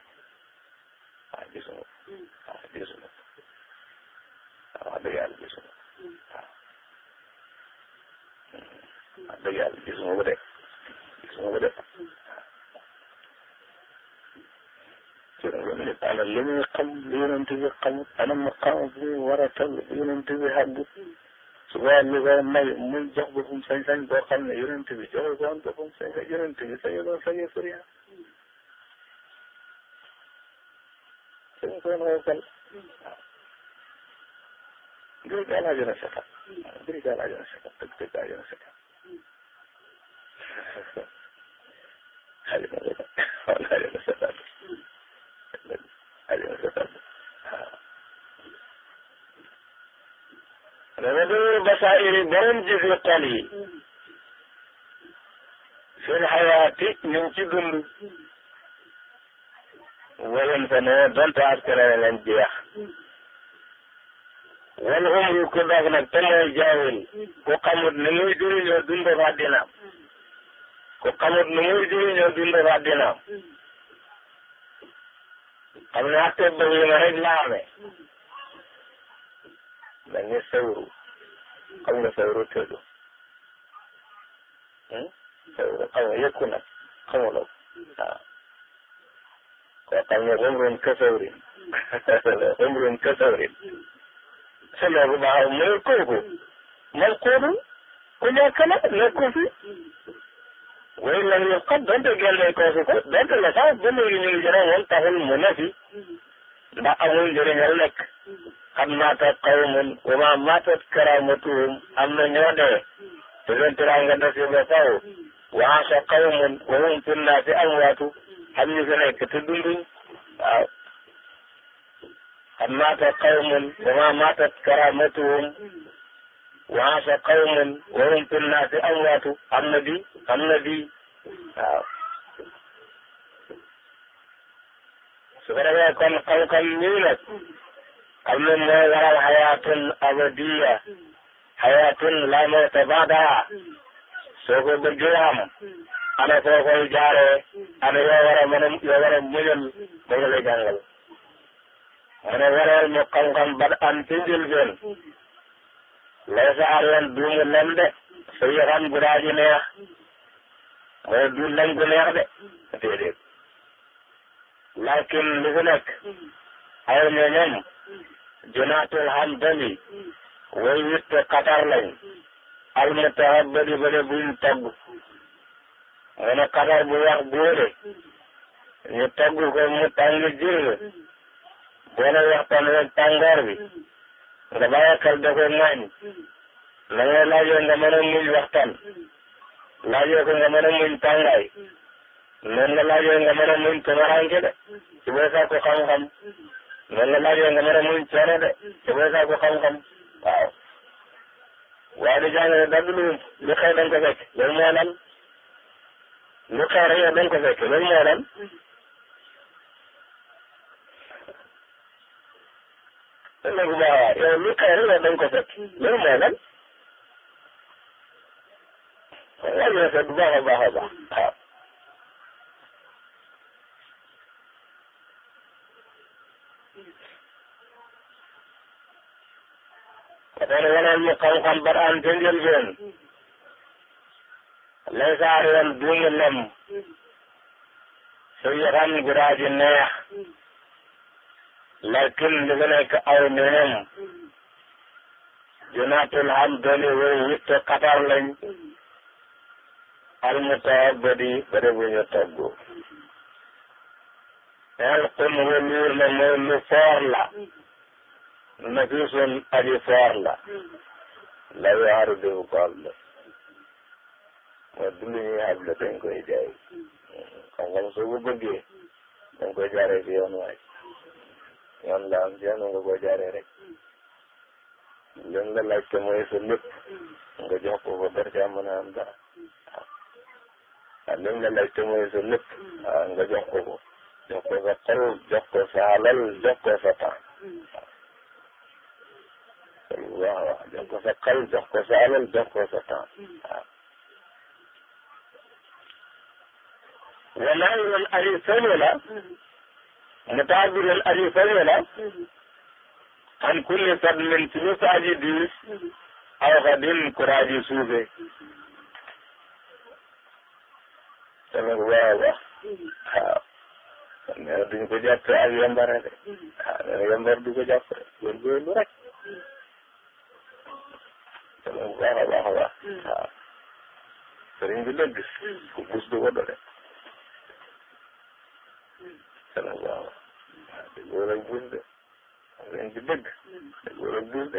waaw ah, gisuma waaw ah, gisuma waaw dëgg yàlla gisuma hmm. waaw dëgg yàlla gisuma bu dee moo ko def ana lu muy xam lu yonent bi xamut ana maqaama bu muy war a toll lu yonent bi xàggut may muy jox boppam sañ-sañ boo xam ne yonent bi joxe ko woon boppam sañ-sañ yonent bi sañu doon sañee furiya suñ ko woon xookal ngir gaa laa رمضان بصائر برم جزي قلي في الحياة من جبل ولم سنة دلت عسكر الانجيح والعمر كذا نبتلع الجاهل وقمر نمي دون يدون بفادنا ku xamut nu muy jëriñ ñoo dundee ba dina xam ne àtte bëgg rek laa amee da nga sawru xam nga sawru tëju hmm? sawru xam nga yëkku nag xamuloo waaw koo xam ne umrun ka sawrin umrun ka sawrin sële bu baax mooy kooku man koodu ku ñàkk la nekku fi waaye nag ñu kat donte gerte kooku ko donte la sax ba léegi ñu ngi jëloon taxul mu ne fi ndax amul njëriñal lekk xam maatat qawmun wa ma maatat karamatuhum am na ñoo te seen teraanga def yi ba faw wa aasha qawmun wa hum fi nnaasi amwaatu xam waasa qawmun wa hum fi nnaasi amwaatu am na bi am na bi waaw su ko defee kon xam-xam nii nag waral xayaatun abadiya xayaatun laa mawta baadaha soo ko bëggee am ana foo koy jaaree ana yoo war a mën a yoo war la lay jàngal mu ne waral mu xam-xam ba am lay sa arwel du mu lem de sa yaram bu daa ji neex mooy du lem gu neex de déedéet lakin li fi nekk ay ñooñam junaatul hamdali way witt qatar lañ al mutahabbadi bële buñ togg mu ne qatar bu wax buure ñu togg ko mu tàng jër boo ne waxtaan rek tàngoor bi nga bàyyi xel da ko moom la nga laajoo nga mën a muñ waxtaan laajoo ko nga mën a muñ tàngaay noonu la laajoo nga mën a muñ tomaranke de ci booy sàkku xam-xam noonu la laajoo nga mën a muñ coono de ci booy sàkku xam-xam waaw waaye di jàngale dagg lu lu xew da nga ko fekk loolu mooy lan lu xew rek yow da nga ko fekk loolu mooy lan ne bu baax yow li xëy na dañ ko set loolu mooy lan lan la set bu baax a baax a baax waaw. kon waneen ñu xam-xam ba daan te njëlbeen lay saar yoon duñu lem suñu xam gudaa ji neex lakin li fi nekk aw néem junaatul xam doli way wittu xatar lañ al mu taab ba di bëri bu ñu toggu el xun waluur la mooy lu foor la nafisun aji foor la la yaaru diwu kool la mooy dund ñuy xab la dañ koy jaay xam-xam soo ko bëggee koy jaaree fi yoon waay ñoom la am si nga ko rek lim la laajte mooy sa lépp nga jox ko ko dara caa mën a am dara waaw lim la nga jox ko sa xol jox sa alal jox sa temps waaw waaw ay solo la. متعبر الأري فريلا عن كل صدم تلوس أجي ديس أو غدين كراجي سوبي تمام واو waaw mais mhm. duñ ko jàppee ak yambara de mhm. waaw yambar du ko jàppee góorgóorlu rek tama bu mhm. baax a baax a baax waaw sëriñ bi dëgg ku bus du ko dole Sénégal dañoo war de dañ ci dëgg dañoo war a guus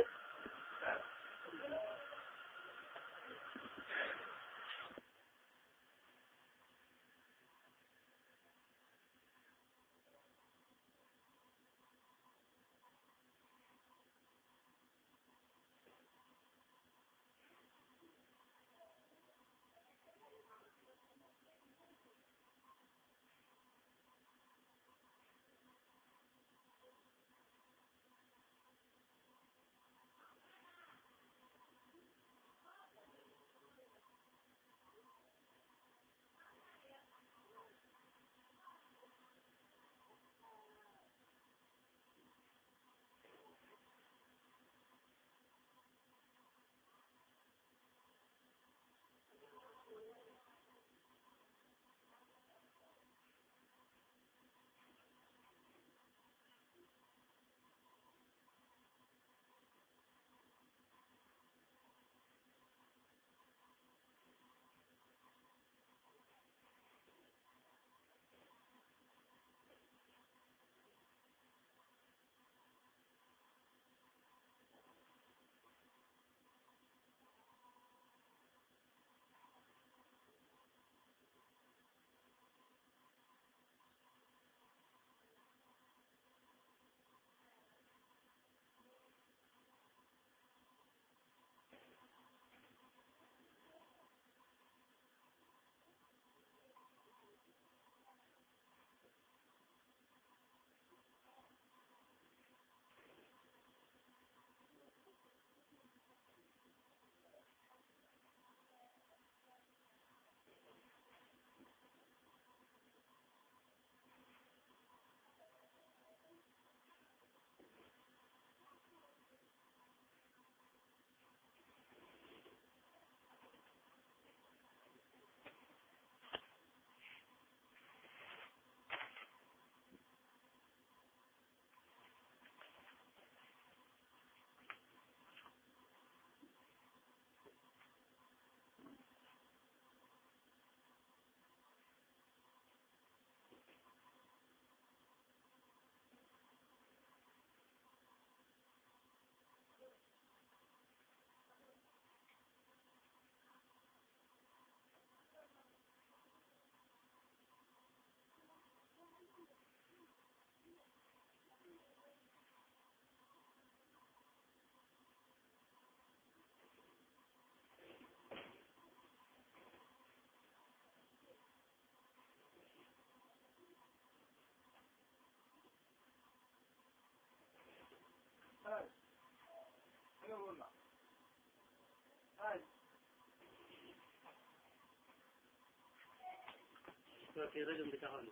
toog fii rajo bi taxaw na